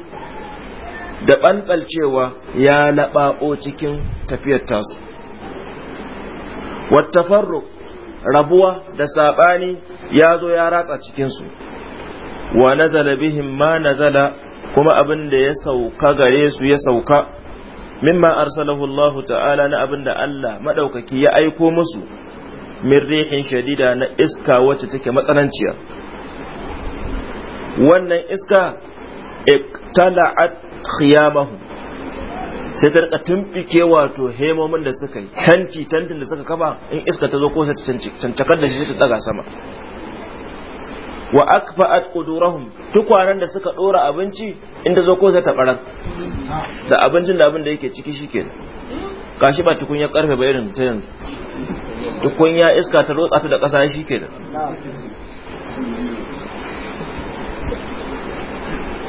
da ɓanɓalcewa ya laɓaɓo cikin tafiyar tasu wattafarru rabuwa da saɓani ya zo ya ratsa cikinsu wa nazala bihim ma nazala kuma abin da ya sauka gare su ya sauka mimma arsalahu Allah ta'ala na abinda Allah madaukaki ya aiko musu min rihin shadida na iska wacce take matsananciya wannan iska iktala'at khiyamahum sai ta rika tumfike wato hemomin da suka yi canci tantin da suka kafa in iska ta zo ko sai ta cancakar da shi ta daga sama wa akfa'at qudurahum tukwanan da suka dora abinci inda zo ko ta baran da abincin da abin da yake ciki shikenan kashi ba ya karfe ba irin ta yanzu ya iska ta rotsa ta da kasa da.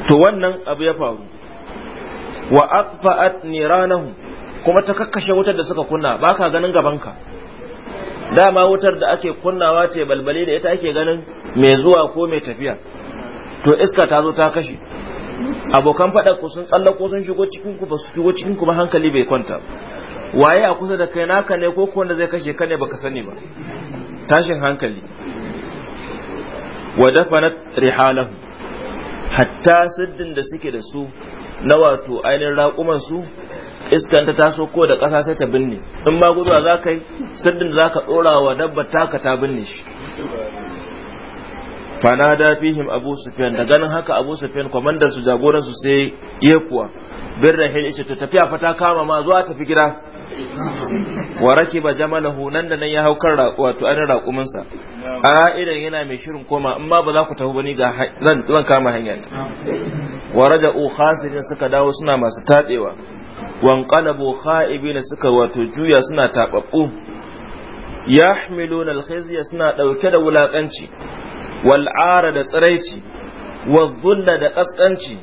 to wannan abu ya faru wa akfa'at niranahum kuma ta kakkashe wutar da suka kunna baka ganin gabanka dama wutar da ake kunnawa ta balbale da ita ake ganin mai zuwa ko mai tafiya to iska ta zo ta kashe abokan faɗa ku sun tsallako sun shigo cikin ku ba su shigo cikin ku ba hankali bai kwanta waye a kusa da kai naka ne ko wanda zai kashe ka ne baka sani ba tashin hankali wa dafanat rihalahu hatta siddin da suke da su na wato ainihin raƙuman su iskan ta taso ko da ƙasa sai ta binne in ma guduwa za ka yi siddin da za ka ɗora wa dabba taka ta binne shi fanada fihim abu sufyan da ganin haka abu sufyan kwamandan su jagoran su sai iya kuwa bin rahil ce ta tafiya fa ta kama ma zuwa tafi gida wa rakiba jamalahu nan da nan ya hau kan wato an raƙumin sa a idan yana mai shirin koma amma ba za ku tafi bane ga zan zan kama hanya wa raja'u khasirin suka dawo suna masu tatsewa wan qalabu kha'ibina suka wato juya suna tababbu yahmiluna alkhizya suna dauke da wulakanci wal'ara da tsiraici wazulla da ƙasƙanci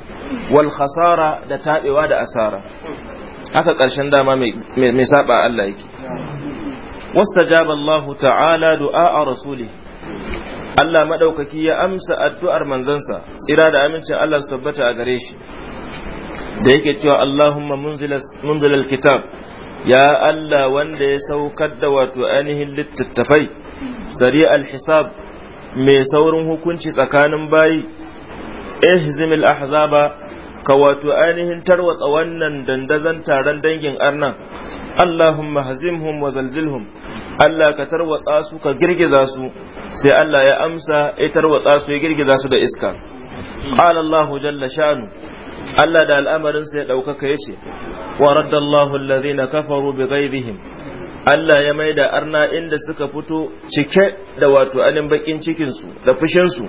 wal khasara da taɓewa da asara haka ƙarshen dama mai saba Allah yake wastajaba Allah ta'ala du'a a rasuli Allah maɗaukaki ya amsa addu'ar manzansa tsira da amincin Allah su tabbata a gare shi da yake cewa Allahumma munzil kitab ya Allah wanda ya saukar da wato ainihin littattafai sari al-hisab mai saurin hukunci tsakanin bayi ihzimil ahzaba ka wato ainihin tarwatsa wannan dandazon taron dangin arnan Allahumma hazimhum wa zalzilhum Allah ka tarwatsa su ka girgiza su sai Allah ya amsa ya tarwatsa su ya girgiza su da iska qala Allahu jalla shanu Allah da al'amarin sai ya daukaka yace wa radda alladhina kafaru bi ghaibihim Allah ya mai da arna inda suka fito cike da wato anin bakin cikinsu da fushinsu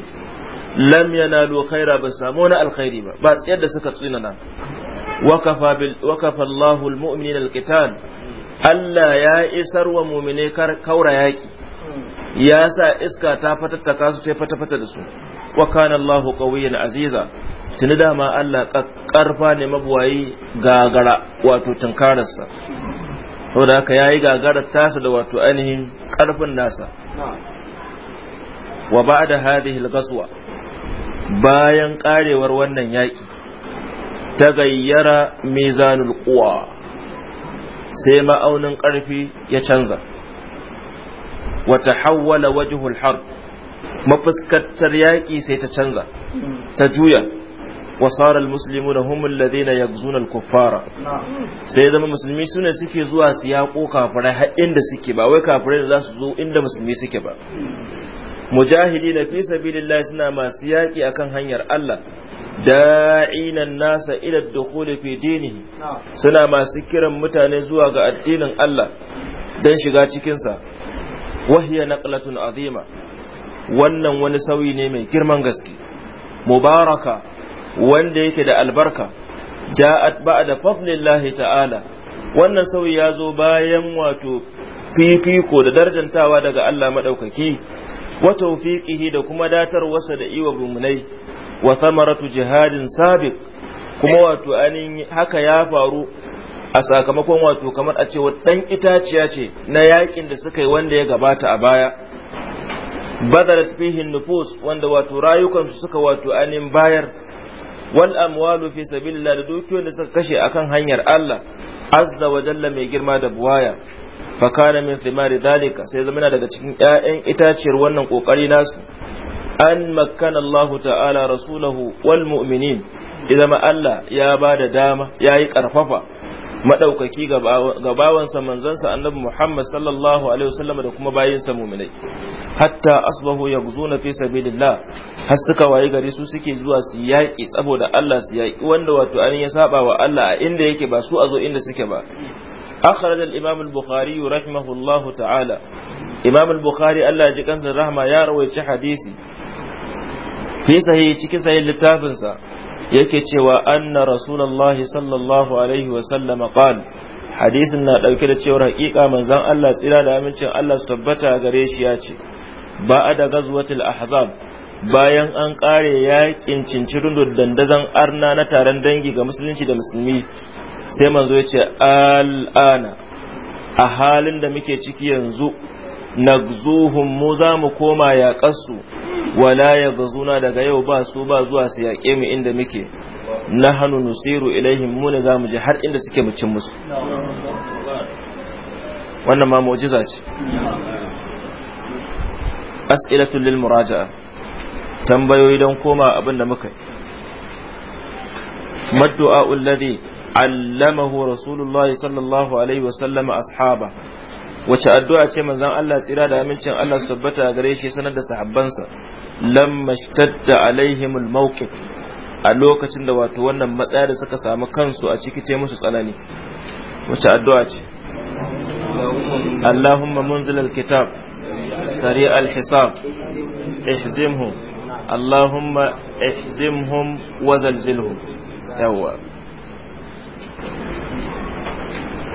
lam yanalu khaira ba samu wani alkhairi ba ba tsayar da suka tsina wakafa Allahu almu'minina alqital Allah ya isar wa mu'mine kaura yaki ya sa iska ta fatattaka su sai fata da su wa kana Allahu qawiyyan aziza tuni dama Allah ƙarfa ne mabuwayi gagara wato tunkararsa saboda haka ya yi gagarar tasa da wato ainihin karfin nasa wa ba'da da al bayan karewar wannan yaƙi ta gayyara mizanul kuwa sai ma'aunin ƙarfi ya canza Wata hawwala wajihul harb mafuskantar yaƙi sai ta canza ta juya وصار المسلمون هم الذين يغزون kuffara sai zama musulmi sune suke zuwa su yaƙo kafirai har inda suke ba wai kafirai da zasu zo inda musulmi suke ba mujahidi na fi sabilillah suna masu yaƙi akan hanyar Allah da'ina nasa ila dukhul fi dinihi suna masu kiran mutane zuwa ga addinin Allah dan shiga cikin sa wahiya naqlatun azima wannan wani sauyi ne mai girman gaske mubaraka wanda yake da albarka ja'at ba'da fadlillahi ta'ala wannan sauyi ya zo bayan wato fifiko da darjantawa daga Allah madaukaki wa tawfiqihi da kuma datar wasa da iwa bumunai wa samaratu jihadin sabiq kuma wato anin haka ya faru a sakamakon wato kamar a ce dan itaciya ce na yakin da suka yi wanda ya gabata a baya badarat fihi nufus wanda wato rayukansu suka wato anin bayar wal amwalu fi sabilillah da dukiyoyin da suka kashe akan hanyar Allah azza wa jalla mai girma da buwaya fa kana min thimari dalika sai zama daga cikin ƴaƴan itaciyar wannan kokari nasu an makkana Allah ta'ala rasulahu wal mu'minin idan Allah ya ba da dama yayi karfafa madaukaki ga bawansa manzansa annabi Muhammad sallallahu alaihi wasallam da kuma bayinsa muminai hatta asbahu yaghzuna fi sabilillah har suka wayi gari su suke zuwa su yaki saboda Allah su wanda wato an ya sabawa Allah a inda yake ba su a zo inda suke ba akhraj al-imam al-bukhari rahimahullahu ta'ala imam bukhari Allah ya ji kansa rahma ya rawaici hadisi fi sahihi cikin sahihin littafinsa yake cewa anna rasulullahi sallallahu alaihi wa sallam qal hadisin na dauke da cewa hakika manzon Allah tsira da amincin Allah su tabbata gare shi ya ce ba da gazwatul ahzab bayan an kare yakin cincirin dandazan arna na taron dangi ga musulunci da musulmi sai manzo ya ce ana a halin da muke ciki yanzu nagzuhum mu za mu koma yaƙarsu wala ya gazuna daga yau ba su ba zuwa su yaƙe mu inda muke na hannu nusiru ilaihim mu ne za mu je har inda suke mucin musu wannan ma mu'jiza ce as'ilatul lil muraja'a tambayoyi don koma abin da muka yi maddu'a alladhi allamahu rasulullahi sallallahu alaihi wa sallama ashaba wace addu'a ce manzon Allah tsira da amincin Allah su tabbata gare shi sanar da sahabbansa lamma shtadda alaihim almawqif a lokacin da wato wannan matsaya da suka samu kansu a ciki ta musu tsanani wace addu'a ce Allahumma munzil alkitab sari alhisab ihzimhum Allahumma ihzimhum wa zalzilhum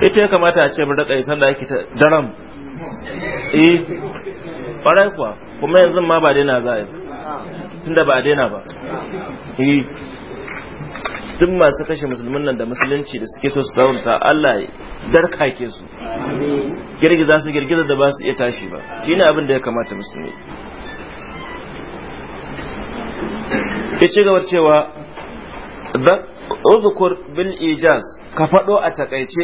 ita ya kamata a ce mu daga isan da ake ta daram eh ƙwarai kuwa kuma yanzu ma ba daina za a yi tunda ba a daina ba eh duk masu kashe musulmin nan da musulunci da suke so su zaunta Allah darka ke su girgiza su girgiza da ba su iya tashi ba shine abin da ya kamata musulmi ke ci gabar cewa uzukur bil ijaz ka faɗo a takaice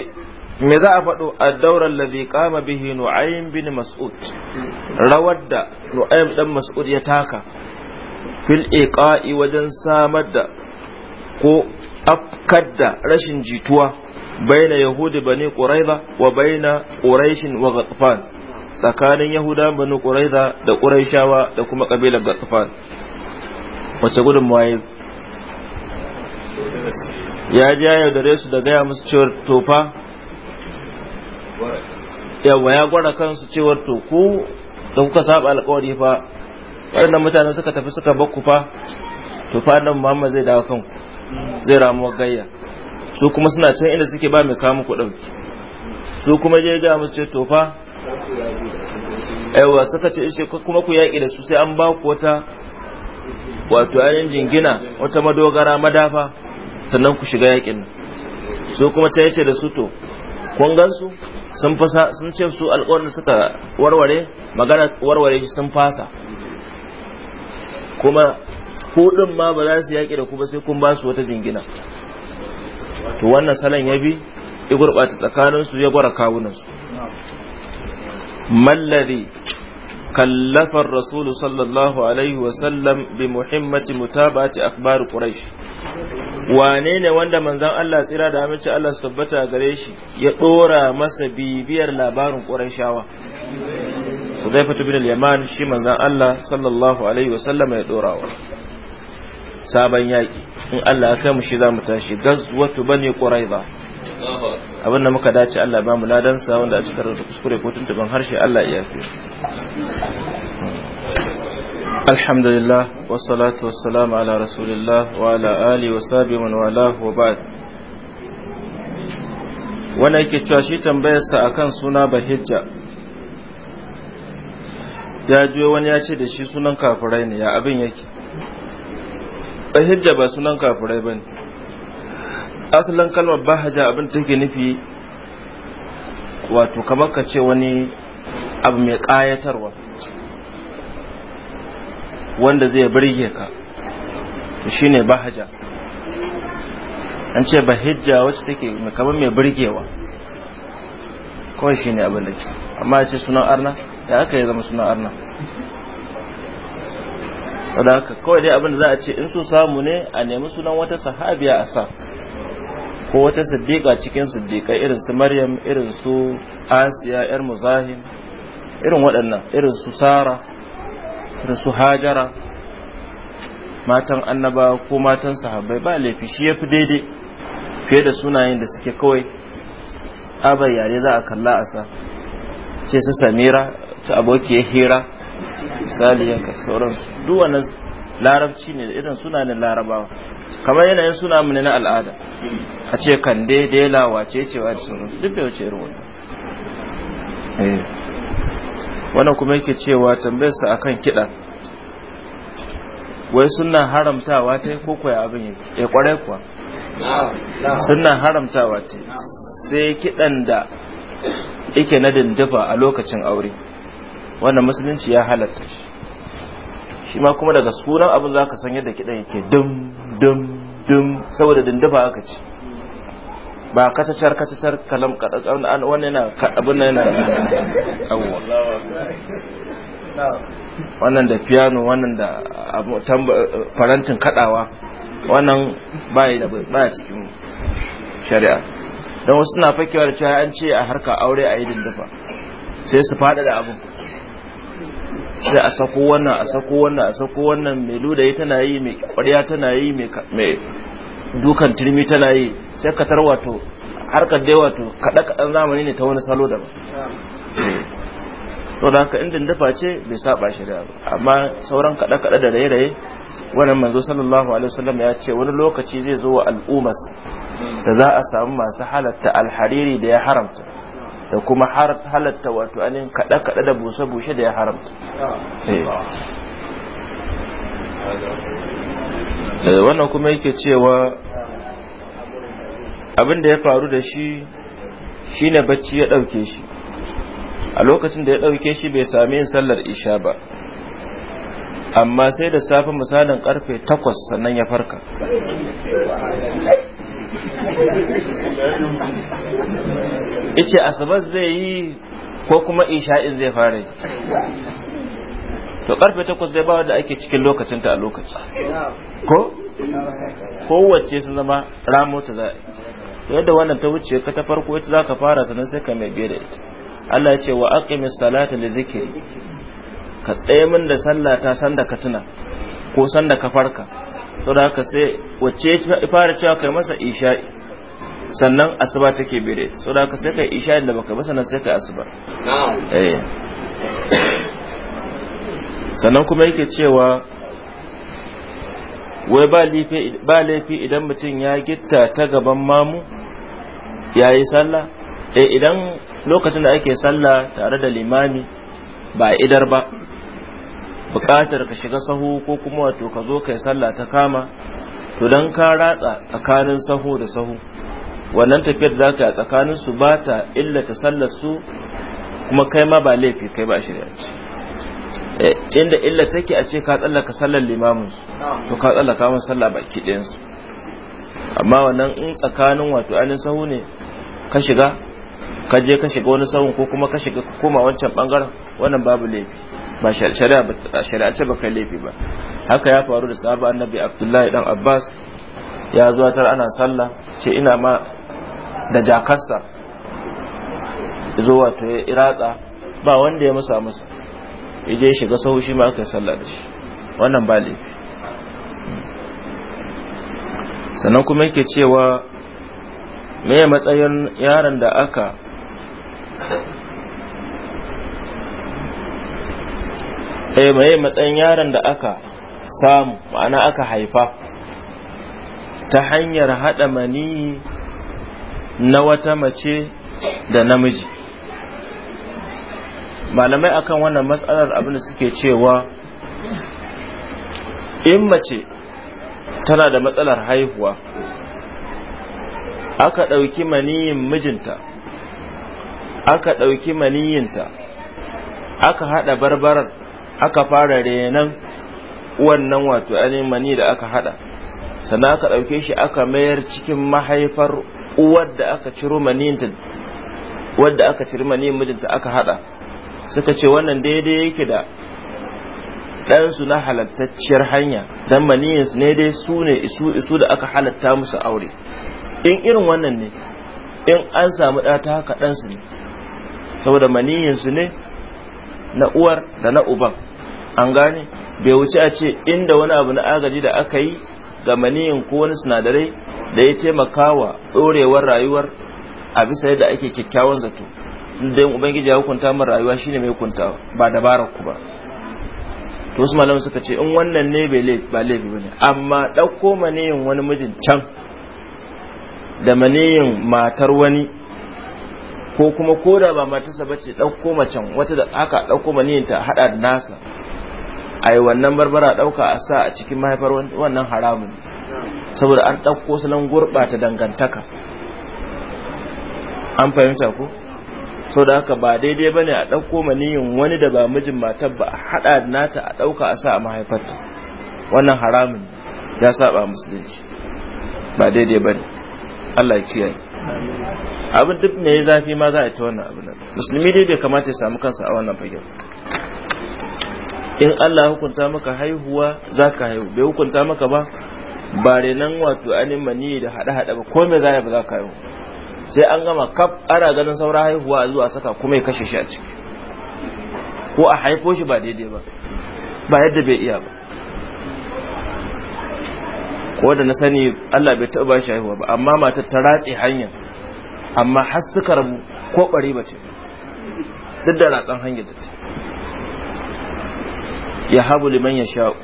me za a faɗo a daura ladhi kama bihi nu'aym bin mas'ud rawar da nu'aym dan mas'ud ya taka fil iqa'i wajen samar da ko afkar da rashin jituwa baina yahudi bani quraiza wa baina quraish wa ghatfan tsakanin yahuda bani quraiza da quraishawa da kuma kabilar ghatfan wace gudunmawa ya ji ya yaudare su da gaya musu cewar tofa yawa ya gwada kansu cewar to ku da kuka saba alkawari fa waɗannan mutane suka tafi suka bakku fa to fa nan Muhammad zai dawo kanku zai ramu gayya su kuma suna can inda suke ba mai kawo muku dauki su kuma je ga musu to fa yawa suka ce shi kuma ku yaƙi da su sai an ba ku wata wato ainihin jingina wata madogara madafa sannan ku shiga yaƙin su kuma ta yace da su to kun gansu sun fasa sun ce su alƙawarin suka warware magana warware shi sun fasa kuma kuɗin ma ba za su yaƙi da kuma sai kun ba su wata jingina to wannan salon ya bi ya gurɓata tsakaninsu ya gwara kawunansu mallari كلف الرسول صلى الله عليه وسلم بمهمة متابعة أخبار قريش wane ne wanda manzon Allah tsira da aminci Allah su tabbata gare shi ya dora masa bibiyar labarin Qurayshawa Hudayfa bin al-Yaman shi manzon Allah sallallahu alaihi wa sallam ya dorawa sabon yaki in Allah ya kai mu shi za mu tashi gazwatu bani Quraiza abin da muka dace Allah ba mu ladansa wanda a cikin rasu kuskure ko tuntuban harshe Allah ya fi. alhamdulillah wasalatu wassalamu ala rasulillah wa ala ali wa sahbihi man wala wa ba wanda yake cewa shi tambayarsa a kan suna bahijja ya juyo wani ya ce da shi sunan kafirai ne ya abin yake bahijja ba sunan kafirai ne. asalin kalmar bahaja abin take nufi wato kamar ka ce wani abu mai kayatarwa. wanda zai birge ka to shine bahaja an ce bahijja wacce take kamar mai birgewa kawai shine abin da ke amma ya ce sunan arna ya aka yi zama sunan arna wadda haka kawai dai abin da za a ce in su samu ne a nemi sunan wata sahabiya a sa ko wata siddiƙa cikin siddiƙai irin su maryam irin su asiya yar muzahim irin waɗannan irin su sara irin su hajara matan annaba ko matan sahabbai ba laifi shi ya fi daidai fiye da sunayen da suke kawai abar yare za a kalla a sa ce su samira ta abokiyar hira misali yanka sauransu duk wannan larabci ne da suna ne larabawa kamar yanayin suna mu ne na al'ada a ce kan daidai lawace cewa wa sun duk da wace irin wannan eh. wannan kuma yake cewa tambayarsa akan kida wai suna haramtawa ta ko koya abin ya kware eh, kuwa suna haramtawa ta sai kiɗan da yake na dindifa a lokacin aure wannan musulunci ya halatta shi shi ma kuma daga sunan abin za ka san yadda kiɗan yake dum dum dum saboda dindifa aka ci ba kasashar kasashar kalam kaɗaɗan wani na abin na awwa wannan da piano wannan da ah, eh, farantin kaɗawa wannan bayi da baya cikin shari'a don wasu na fakewa da cewa an ce a harka aure a yi dindifa sai su faɗa da abin sai a sako wannan a sako wannan a sako wannan mai ludayi tana yi mai kwarya tana yi mai dukan turmi tana yi sai ka tarwa to harkar dai wato kaɗa-kaɗan zamani ne ta wani salo ba to da haka inda dafa ce bai saba shi da amma sauran kaɗa kaɗa da raye-raye wannan manzo sallallahu alaihi wasallam ya ce wani lokaci zai zo wa al'ummas da za a samu masu halatta alhariri da ya haramta da kuma halatta wato anin kaɗe-kaɗe da busa bushe da ya haramta eh. Eh, wannan kuma yake cewa abin da ya faru da shi shine bacci ya ɗauke shi a lokacin da ya ɗauke shi bai sami yin sallar isha ba amma sai da safe misalin karfe takwas sannan ya farka ice asabar zai yi ko kuma isha'in zai fara yi to karfe takwas zai bawa da ake cikin lokacinta a lokaci ko kowace sun zama ramota za yi. yadda wannan ta wuce ka ta farko ita za ka fara sannan sai ka mai biye da ita Allah ya ce wa aqimis salata li zikri ka tsaye min da sallah ta sanda ka tuna ko sanda ka farka saboda haka sai wacce ya fara cewa kai masa isha'i sannan asuba take bere saboda haka sai kai isha'in da baka masa nan sai kai asuba eh sannan kuma yake cewa wai ba laifi idan mutum ya gitta ta gaban mamu ya yi sallah eh, idan lokacin da ake sallah tare da limami ba idar ba buƙatar ka shiga sahu ko kuma wato ka zo kai sallah ta kama to dan ka ratsa tsakanin sahu da sahu wannan tafiyar da zaka yi a tsakanin su ba ta illata sallar su kuma kai ma ba laifi kai ba shirya eh, inda illa take a ce ka tsallaka sallar limamin su to ka tsallaka mun sallah baki ɗayan su amma wannan in tsakanin wato ainihin sahu ne ka shiga ka je ka shiga wani sahun ko kuma ka shiga koma wancan bangaren wannan babu laifi ba shari'ace ba kai laifi ba haka ya faru da sahaba annabi abdullahi dan abbas ya zuwa tar ana sallah ce ina ma da jakarsa zuwa wato ya ratsa ba wanda ya musa musu je shiga sahu shi ma aka sallah da shi wannan ba laifi sannan kuma yake cewa me matsayin yaron da aka eh mai matsayin yaron da aka samu ma'ana aka haifa ta hanyar haɗa mani na wata mace da namiji malamai akan wannan matsalar abin suke cewa in mace tana da matsalar haihuwa aka ɗauki maniyin mijinta aka ɗauki maniyinta aka haɗa barbarar aka fara renan wannan wato ainihin mani da aka hada sannan aka ɗauke shi aka mayar cikin mahaifar uwar da aka ciro maninta wadda aka ciri manin mijinta aka hada suka ce wannan daidai yake da ɗansu na halattacciyar hanya don maniyinsu ne dai su ne isu da aka halatta musu aure in irin wannan ne in an samu ɗa ta haka ɗansu ne saboda maniyinsu ne na uwar da na uban an gane bai wuce a ce inda wani abu na agaji da aka yi ga maniyin ko wani sinadarai da ya taimakawa wa ɗorewar rayuwar a bisa yadda ake kyakkyawan zato inda yin ubangiji ya hukunta min rayuwa shine mai hukunta ba dabarar ku ba to wasu malamu suka ce in wannan ne ba laifi ba ne amma ɗauko maniyin wani mijin can da maniyin matar wani ko kuma koda ba matarsa ba ce ɗauko macen wata da aka ɗauko maniyinta haɗa da nasa a yi wannan barbara ɗauka a sa a cikin mahaifar wannan haramun saboda an ɗauko nan gurɓata dangantaka an fahimta ko so da haka ba daidai bane a ɗauko maniyin wani da ba mijin matar ba a haɗa nata a ɗauka a sa a mahaifarta wannan haramun ya saba musulunci ba daidai bane Allah ya kiyaye abin duk mai zafi ma za a yi ta wannan abin musulmi dai bai kamata ya samu kansa a wannan fagen in Allah hukunta maka haihuwa za ka haihu bai hukunta maka ba ba nan wato anin mani da haɗe-haɗe ba ko me za ba za ka haihu sai an gama kaf ana ganin saura haihuwa a zuwa saka kuma ya kashe shi a ciki ko a haifo shi ba daidai ba ba yadda bai iya ba ko da na sani Allah bai taɓa shi haihuwa ba amma Mata ta ratse hanyar amma har suka rabu ko ɓari ba ce duk da ratsan hanyar da ta yahabu liman sha'u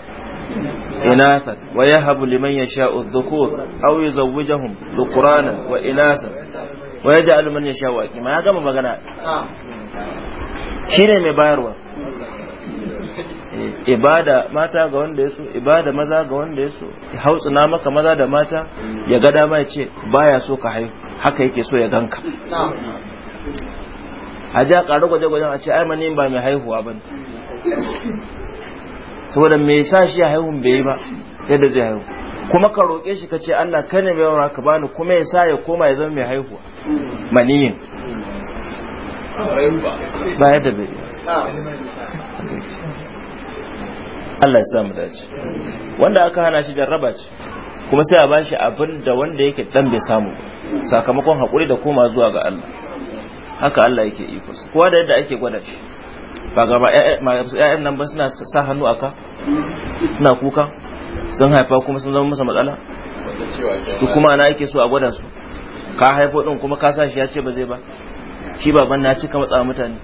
inasa wa yahabu liman yasha adh-dhukur aw yuzawwijuhum dhukrana wa inatha wa ya sha'u yasha aqima ya gama magana Shi ne mai bayarwa eh, ibada mata ga wanda ya so ibada maza ga wanda ya so na maka maza da mata ya ga dama ya ce baya so ka haihu haka yake so ya ganka a ja ƙaru gwaje-gwajen a ce ai mani ba mai haihuwa ba saboda me yasa shi ya haihu bai yi ba yadda zai haihu kuma ka roƙe shi ka ce Allah ka ne mai ka bani kuma yasa ya koma ya zama mai haihuwa maniyin ba yadda bai Allah ya sa mu dace wanda aka hana shi jarraba ce kuma sai a bashi abin da wanda yake dan bai samu sakamakon haƙuri da koma zuwa ga Allah haka Allah yake iko kowa da yadda ake gwada shi ba ga masu ƴaƴan nan ba suna sa hannu aka suna kuka sun haifa kuma sun zama masa matsala su kuma ana ake so a gwada su ka haifo din kuma ka sa shi ya ce ba zai ba shi baban na cika matsa mutane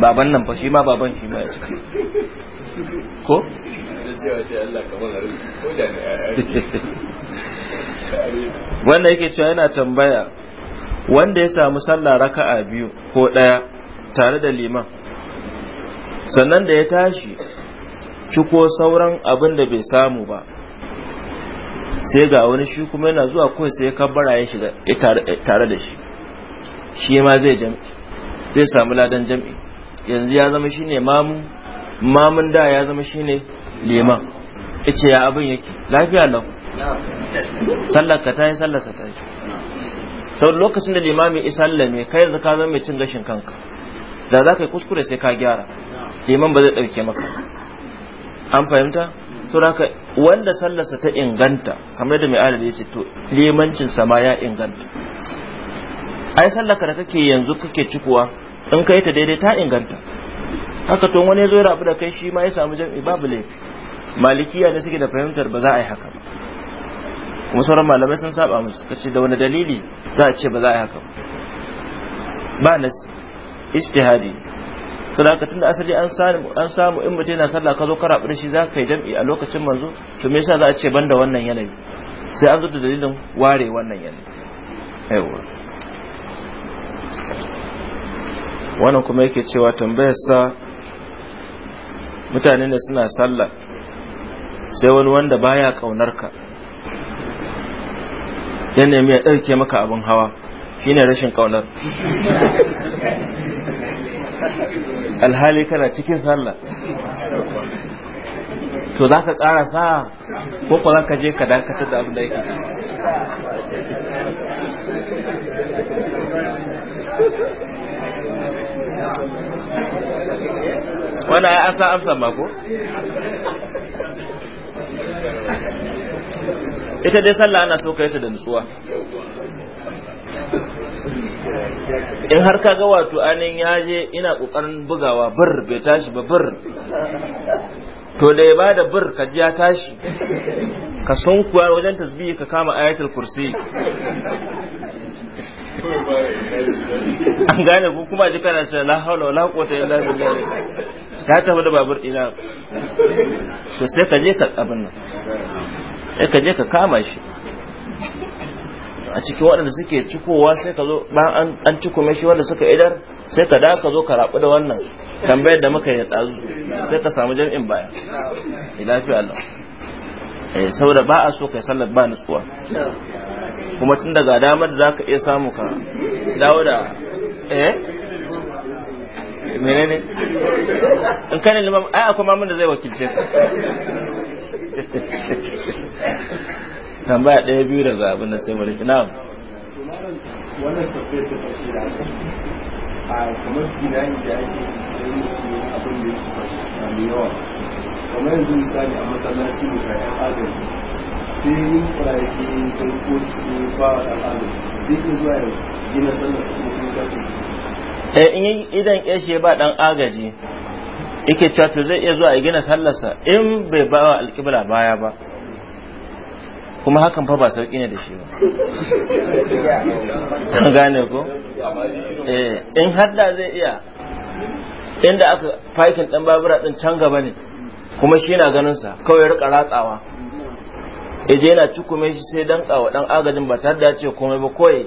baban nan fa shi ma baban shi ma ya cika ko wanda yake cewa yana tambaya wanda ya samu sallah raka'a biyu ko ɗaya tare da liman sannan da ya tashi ciko sauran abin da bai samu ba sai ga wani shi kuma yana zuwa kawai sai ya kabbara ya shiga tare da shi shi ma zai jam'i zai samu ladan jam'i yanzu ya zama shine mamun mamun da ya zama shine liman ice ya abin yake lafiya lau sallar ka tayi sallar sa tayi sau lokacin da limami isallame kai yanzu ka zama mai cin gashin kanka da za ka yi kuskure sai ka gyara liman ba zai ɗauke maka an fahimta to haka wanda sallarsa ta inganta kamar da mai adadi ya ce to limancin sama ya inganta ai sallaka da kake yanzu kake cikuwa in kai ta daidai ta inganta haka to wani zo ya rabu da kai shi ma ya samu jam'i babu laifi malikiya ne suke da fahimtar ba za a yi haka ba kuma sauran malamai sun saba musu kace da wani dalili za a ce ba za a yi haka ba ba nas istihadi. so da tunda asali an samu an samu in mutum yana sallah ka zo ka rabu da shi za ka jam'i a lokacin manzo to me yasa za a ce banda wannan yanayi sai an zo da dalilin ware wannan yanayi aiwa wannan kuma yake cewa tambayar sa mutane ne suna sallah sai wani wanda baya kaunar ka yana nemi ya ɗauke maka abin hawa shine rashin kaunar alhali kana cikin sallah to za ka ƙara sa ko ko za ka je ka dakatar da abin da yake wanda ya asa amsa mako ko ita dai sallah ana so ka yi ta da nutsuwa in har ka ga wato anin ya je ina kokarin bugawa bir bai tashi ba bir to da ya bada bir ka ji ya tashi ka kuwa wajen tasbihi ka kama ayatul kursi an gane ku kuma ji kana cewa la haula wala quwwata illa billah ka tafi da babur ina to sai ka je ka abin nan sai ka je ka kama shi a cikin waɗanda suke cikowa sai ka zo bayan an cikome shi wanda suka idar sai ka da ka zo ka rabu da wannan tambayar da muka yi ɗazu sai ka samu jam'in baya ilafi eh, Allah eh, saboda ba a so kai sallar ba nutsuwa kuma tun daga damar da zaka iya samu ka dawo da eh menene in kana limam ai akwai mamun da zai wakilce ka tambaya ɗaya biyu daga abin na sai mulki na'am wannan tafiyar ta fashe da aka a kamar binani da ake yin su abin da yake fashe na mai yawa kamar yanzu misali a masallaci ne ga agaji sai yin kwaye sai yin karko sai ba wa ɗan agaji duk zuwa yanzu gina sallar su kuma kuma sarki eh, yi idan ƙeshe ba ɗan agaji yake cewa to zai iya zuwa ya gina sallarsa in bai ba wa alƙibla baya ba kuma hakan fa ba sauki ne da shi ba kan gane ko eh in hadda zai iya inda aka fakin dan babura din can gaba ne kuma shi na ganin sa kawai rika ratsawa yaje yana cikume shi sai dan tsawa dan agajin ba tare da ce komai ba koyi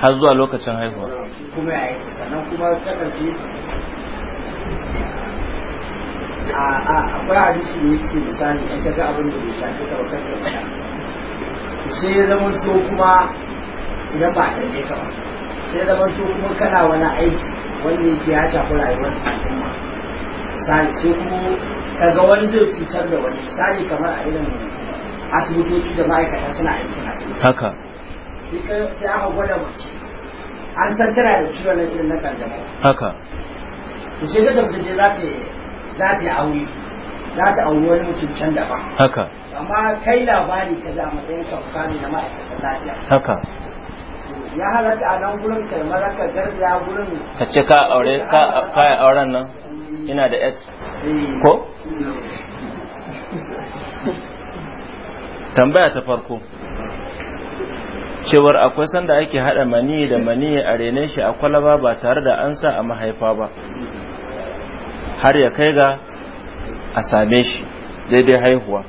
har zuwa lokacin haihuwa kuma ya aiki sannan kuma kasance akwai hadisi da ce misali in ka abin da bai shafi ka wakar da fada sai ya zama to kuma idan ba a sanye ka ba sai ya zama to kuma kana wani aiki wanda yake ya shafi rayuwar al'umma misali sai kuma kaga wani zai cutar da wani misali kamar a irin asibitoci da ma'aikata suna aikin asibiti haka sai gwada mace an san tana da ciwon na na haka to sai za ta za ta aure za ta aure wani mutum can haka amma kai labari ka matsayin na ma'aikatan lafiya haka ya halatta a nan gurin maza ka garzaya gurin ka ce ka aure ka kaya auren nan eh. ina da x eh. ko tambaya ta farko cewar akwai sanda ake hada mani da mani a rene shi a kwalaba ba tare da an sa a mahaifa ba har ya kai ga a same shi daidai haihuwa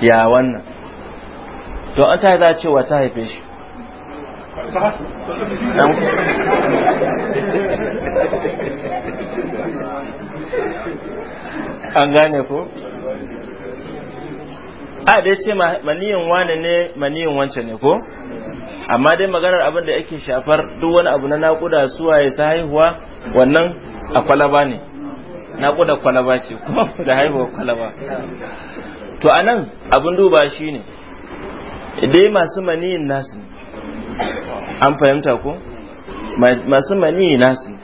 ya wannan to an ta za cewa ta haife shi an gane ko a da ya ce maniyin wane ne maniyin wancan ne ko amma dai maganar abin da yake shafar duk wani abu na nakuda suwa ya sa haihuwa wannan a kwalaba ne nakuda kwalaba ce ko da haihuwa kwalaba to a nan abin duba shi ne dai masu maniyin nasu ne an fahimta ko masu maniyin nasu ne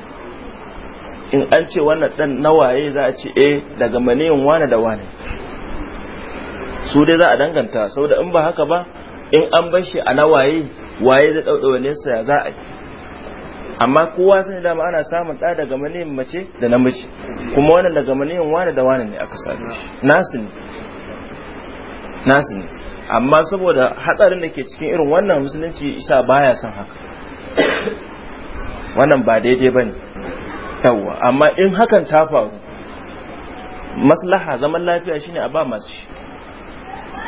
in an ce wannan dan nawaye za a ce eh daga maniyin wane da wane su dai za a danganta saboda in ba haka ba in an bar shi a na waye waye da ɗauɗawa sa ya za a yi amma kowa sani dama ana samun ɗa daga maniyin mace da namiji kuma wannan daga maniyin wani da wani ne aka same shi nasu ne nasu ne amma saboda hatsarin da ke cikin irin wannan musulunci isa baya son haka wannan ba daidai ba ne yawwa amma in hakan ta faru maslaha zaman lafiya shine a ba masu shi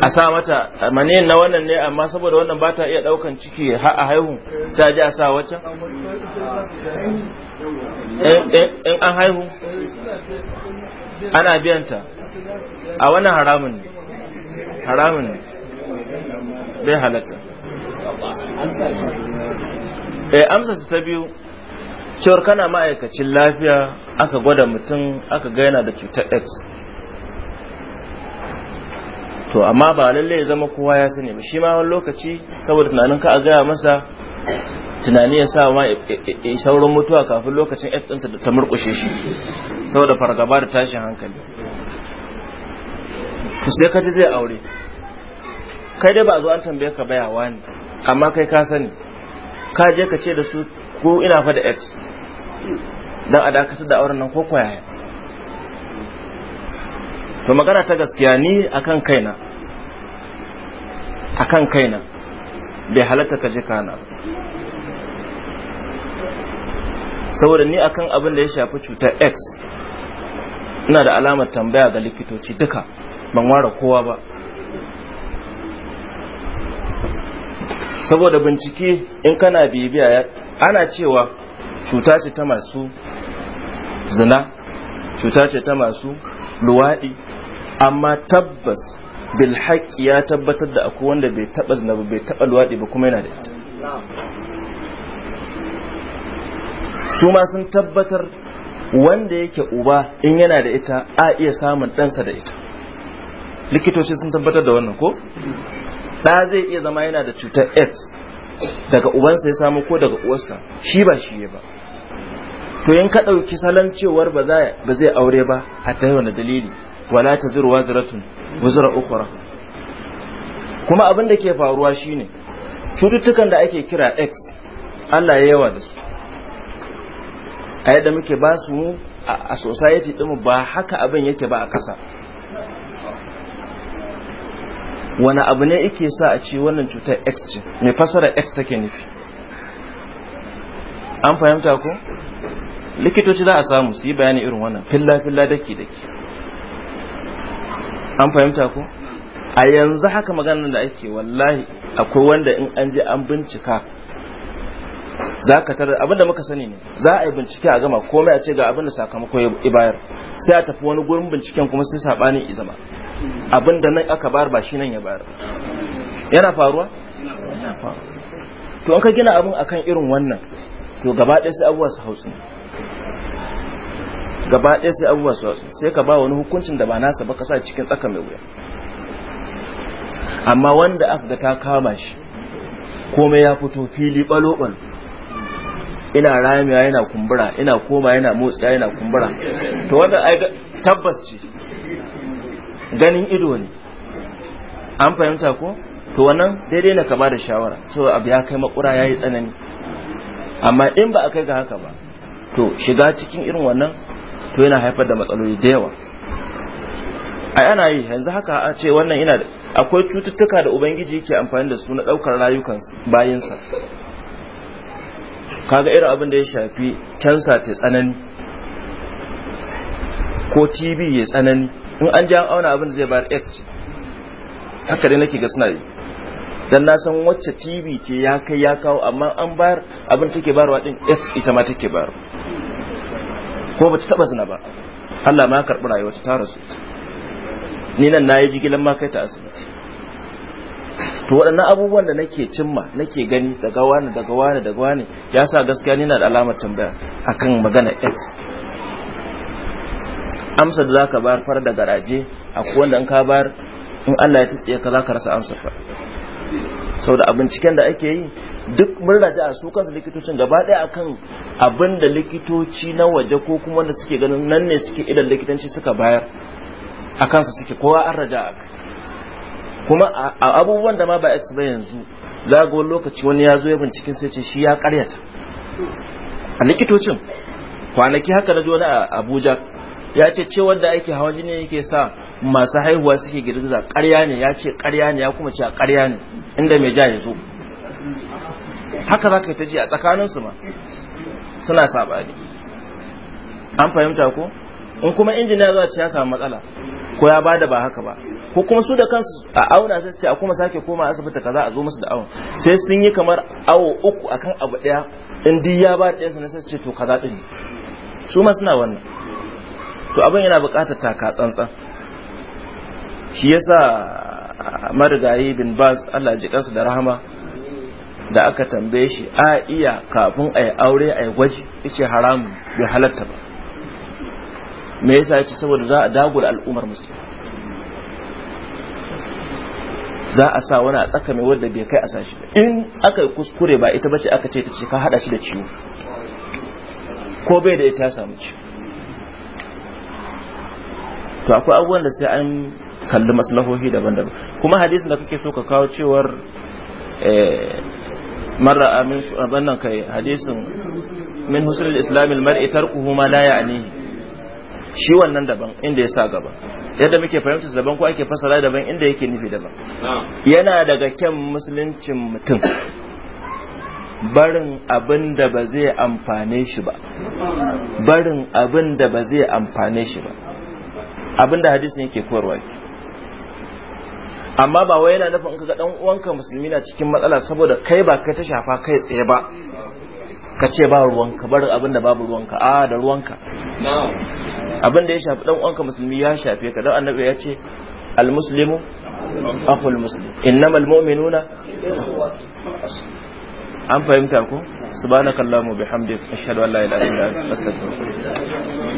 a sa mata mane na wannan ne amma saboda wannan ba ta iya daukan ciki a haihu sai a ji a sa waccan eh, eh, in an haihu ana biyanta a wannan haramun ne haramun ne bai halatta eh amsa ta biyu cewar kana ma'aikacin lafiya aka gwada mutum aka gaina da cutar x to amma ba lalle ya zama kowa ya sani ba shi ma wani lokaci saboda tunanin ka a gaya masa tunani ya sa ma saurin mutuwa kafin lokacin ɗinta da ta murkushe shi saboda fargaba da tashin hankali ku sai ka ji zai aure kai dai ba a zo an tambaye ka bayawa ne amma kai ka sani ka je ka ce da su ko ina fa da x don a dakatar da auren nan ko kwaya to magana ta gaskiya ni akan kaina akan kaina bai halatta ka je kana saboda ni akan abin da ya shafi cutar x ina da alamar tambaya ga likitoci duka ban ware kowa ba saboda bincike in kana bibiya ana cewa cuta ce ta masu zina cuta ce ta masu luwaɗi amma tabbas bil ya tabbatar da akwai wanda bai taba zina ba bai taba luwaɗi ba kuma yana da ita su ma sun tabbatar wanda yake uba in yana da ita a iya samun ɗansa da ita likitoci sun tabbatar da wannan ko ɗa zai iya zama yana da cutar aids daga ubansa ya samu ko daga uwarsa shi ba shi ba to in ka ɗauki salon cewar ba zai aure ba a ta wani dalili wala ta taziru wazratun wazra ukhra kuma abin da ke faruwa shine cututtukan da ake kira X Allah ya yawa da su a yadda muke ba su mu a society ɗinmu ba haka abin yake ba a ƙasa wani abu ne yake sa a ce wannan cutar X ce mai fasara X take nufi an fahimta ko likitoci za a samu su yi bayani irin wannan filla-filla daki-daki an fahimta ko a yanzu haka magana da ake wallahi akwai wanda in an je an bincika za ka tarar abinda muka sani ne za a yi bincike a gama komai a ce ga abinda sakamako ya bayar sai a tafi wani gurin binciken kuma sai sabanin izama abinda nan aka bayar ba shi nan ya bayar yana faruwa to an ka gina abin akan irin wannan to gaba ɗaya sai abuwa su hausu gaba ɗaya sai abubuwa sai ka ba wani hukuncin da ba nasa ba kasa sa cikin tsaka mai wuya amma wanda aka ga ta kama shi komai ya fito fili balo ina ramiya yana kumbura ina koma yana motsa yana kumbura to wanda ai tabbas ce ganin ido ne an fahimta ko to wannan daidai na kama da shawara saboda abu ya kai makura ya yi tsanani amma in ba a kai ga haka ba to shiga cikin irin wannan to yana haifar da matsaloli da yawa a yana yi yanzu haka a ce wannan ina akwai cututtuka da ubangiji yake amfani da su na ɗaukar rayukan bayansa kaga irin abin da ya shafi kansa ta tsanani ko tb ya tsanani in an ji an auna abin zai bar x haka dai nake ga suna yi dan na san wacce tv ke ya kai ya kawo amma an bar abin take barwa din x ita ma take bayar ko ba ta taba zina ba Allah ma karɓi rayuwa ta rasu ni nan na yi jigilan ma kai ta asibiti to waɗannan abubuwan da nake cimma nake gani daga wani daga wani daga wani ya sa gaskiya ni na da alamar tambaya akan magana x amsa da zaka bayar far da garaje akwai wanda in ka bayar in Allah ya tsiye ka zaka rasa amsa fa sau da binciken da ake yi duk ji a su kansu likitocin gaba ɗaya akan abin da likitoci na waje ko kuma wanda suke ganin nan ne suke idan likitanci suka bayar a kansu suke kowa an raja a kuma a abubuwan da ma ba X ba yanzu za ga lokaci wani ya zo ya binciken sai ce shi ya karyata a likitocin kwanaki haka na ji wani a abuja ya ce ce wanda ake hawan jini yake sa masu haihuwa suke girgiza ƙarya ne ya ce ƙarya ne ya kuma ce ƙarya ne inda mai ja ya zo haka za ka yi ta ji a tsakaninsu ma suna sabari an fahimta ko in kuma injiniya za ce ya samu matsala ko ya bada ba haka ba ko kuma su da kansu a auna sai su ce a kuma sake koma asibiti kaza a zo musu da awon sai sun yi kamar awo uku akan abu ɗaya in duk ya ba ɗaya sannan sai su ce to kaza ɗin su ma suna wannan to abin yana buƙatar taka tsantsan shi yasa ah, marigayi bin bas Allah ji kansa da rahama da aka tambaye shi a iya kafin a yi aure a yi gwaji yace haramun bai halatta ba me yasa yace saboda za a dagula al'ummar musulmi za a sa wani a tsaka mai wanda bai kai a sashi ba in aka yi kuskure ba ita bace aka ce ta ce ka hada shi da ciwo ko bai da ita ya samu ciwo to akwai abubuwan da sai an kalli maslahohi daban-daban kuma hadisin da kake so ka kawo cewar eh, mara amin abannan kai hadisin min husnul islam mar'i tarkuhu ma la ya'ni shi wannan daban inda ya sa gaba yadda muke fahimtar daban ko ake fasara daban inda yake nufi daban yana daga kyan musuluncin mutum barin abin da ba zai amfane shi ba barin abin da ba zai amfane shi ba abin da hadisin yake koyarwa amma ba wai yana nufin ga dan uwanka musulmi na cikin matsala saboda kai ba kai ta shafa kai tsaye ba ka ce ba ruwanka bar abin da babu ruwanka a da ruwanka abin da ya shafi dan uwanka musulmi ya shafe ka dan annabi ya ce al muslimu akhul muslim innamal mu'minuna an fahimta ko subhanakallahumma bihamdika ashhadu an la ilaha illa anta astaghfiruka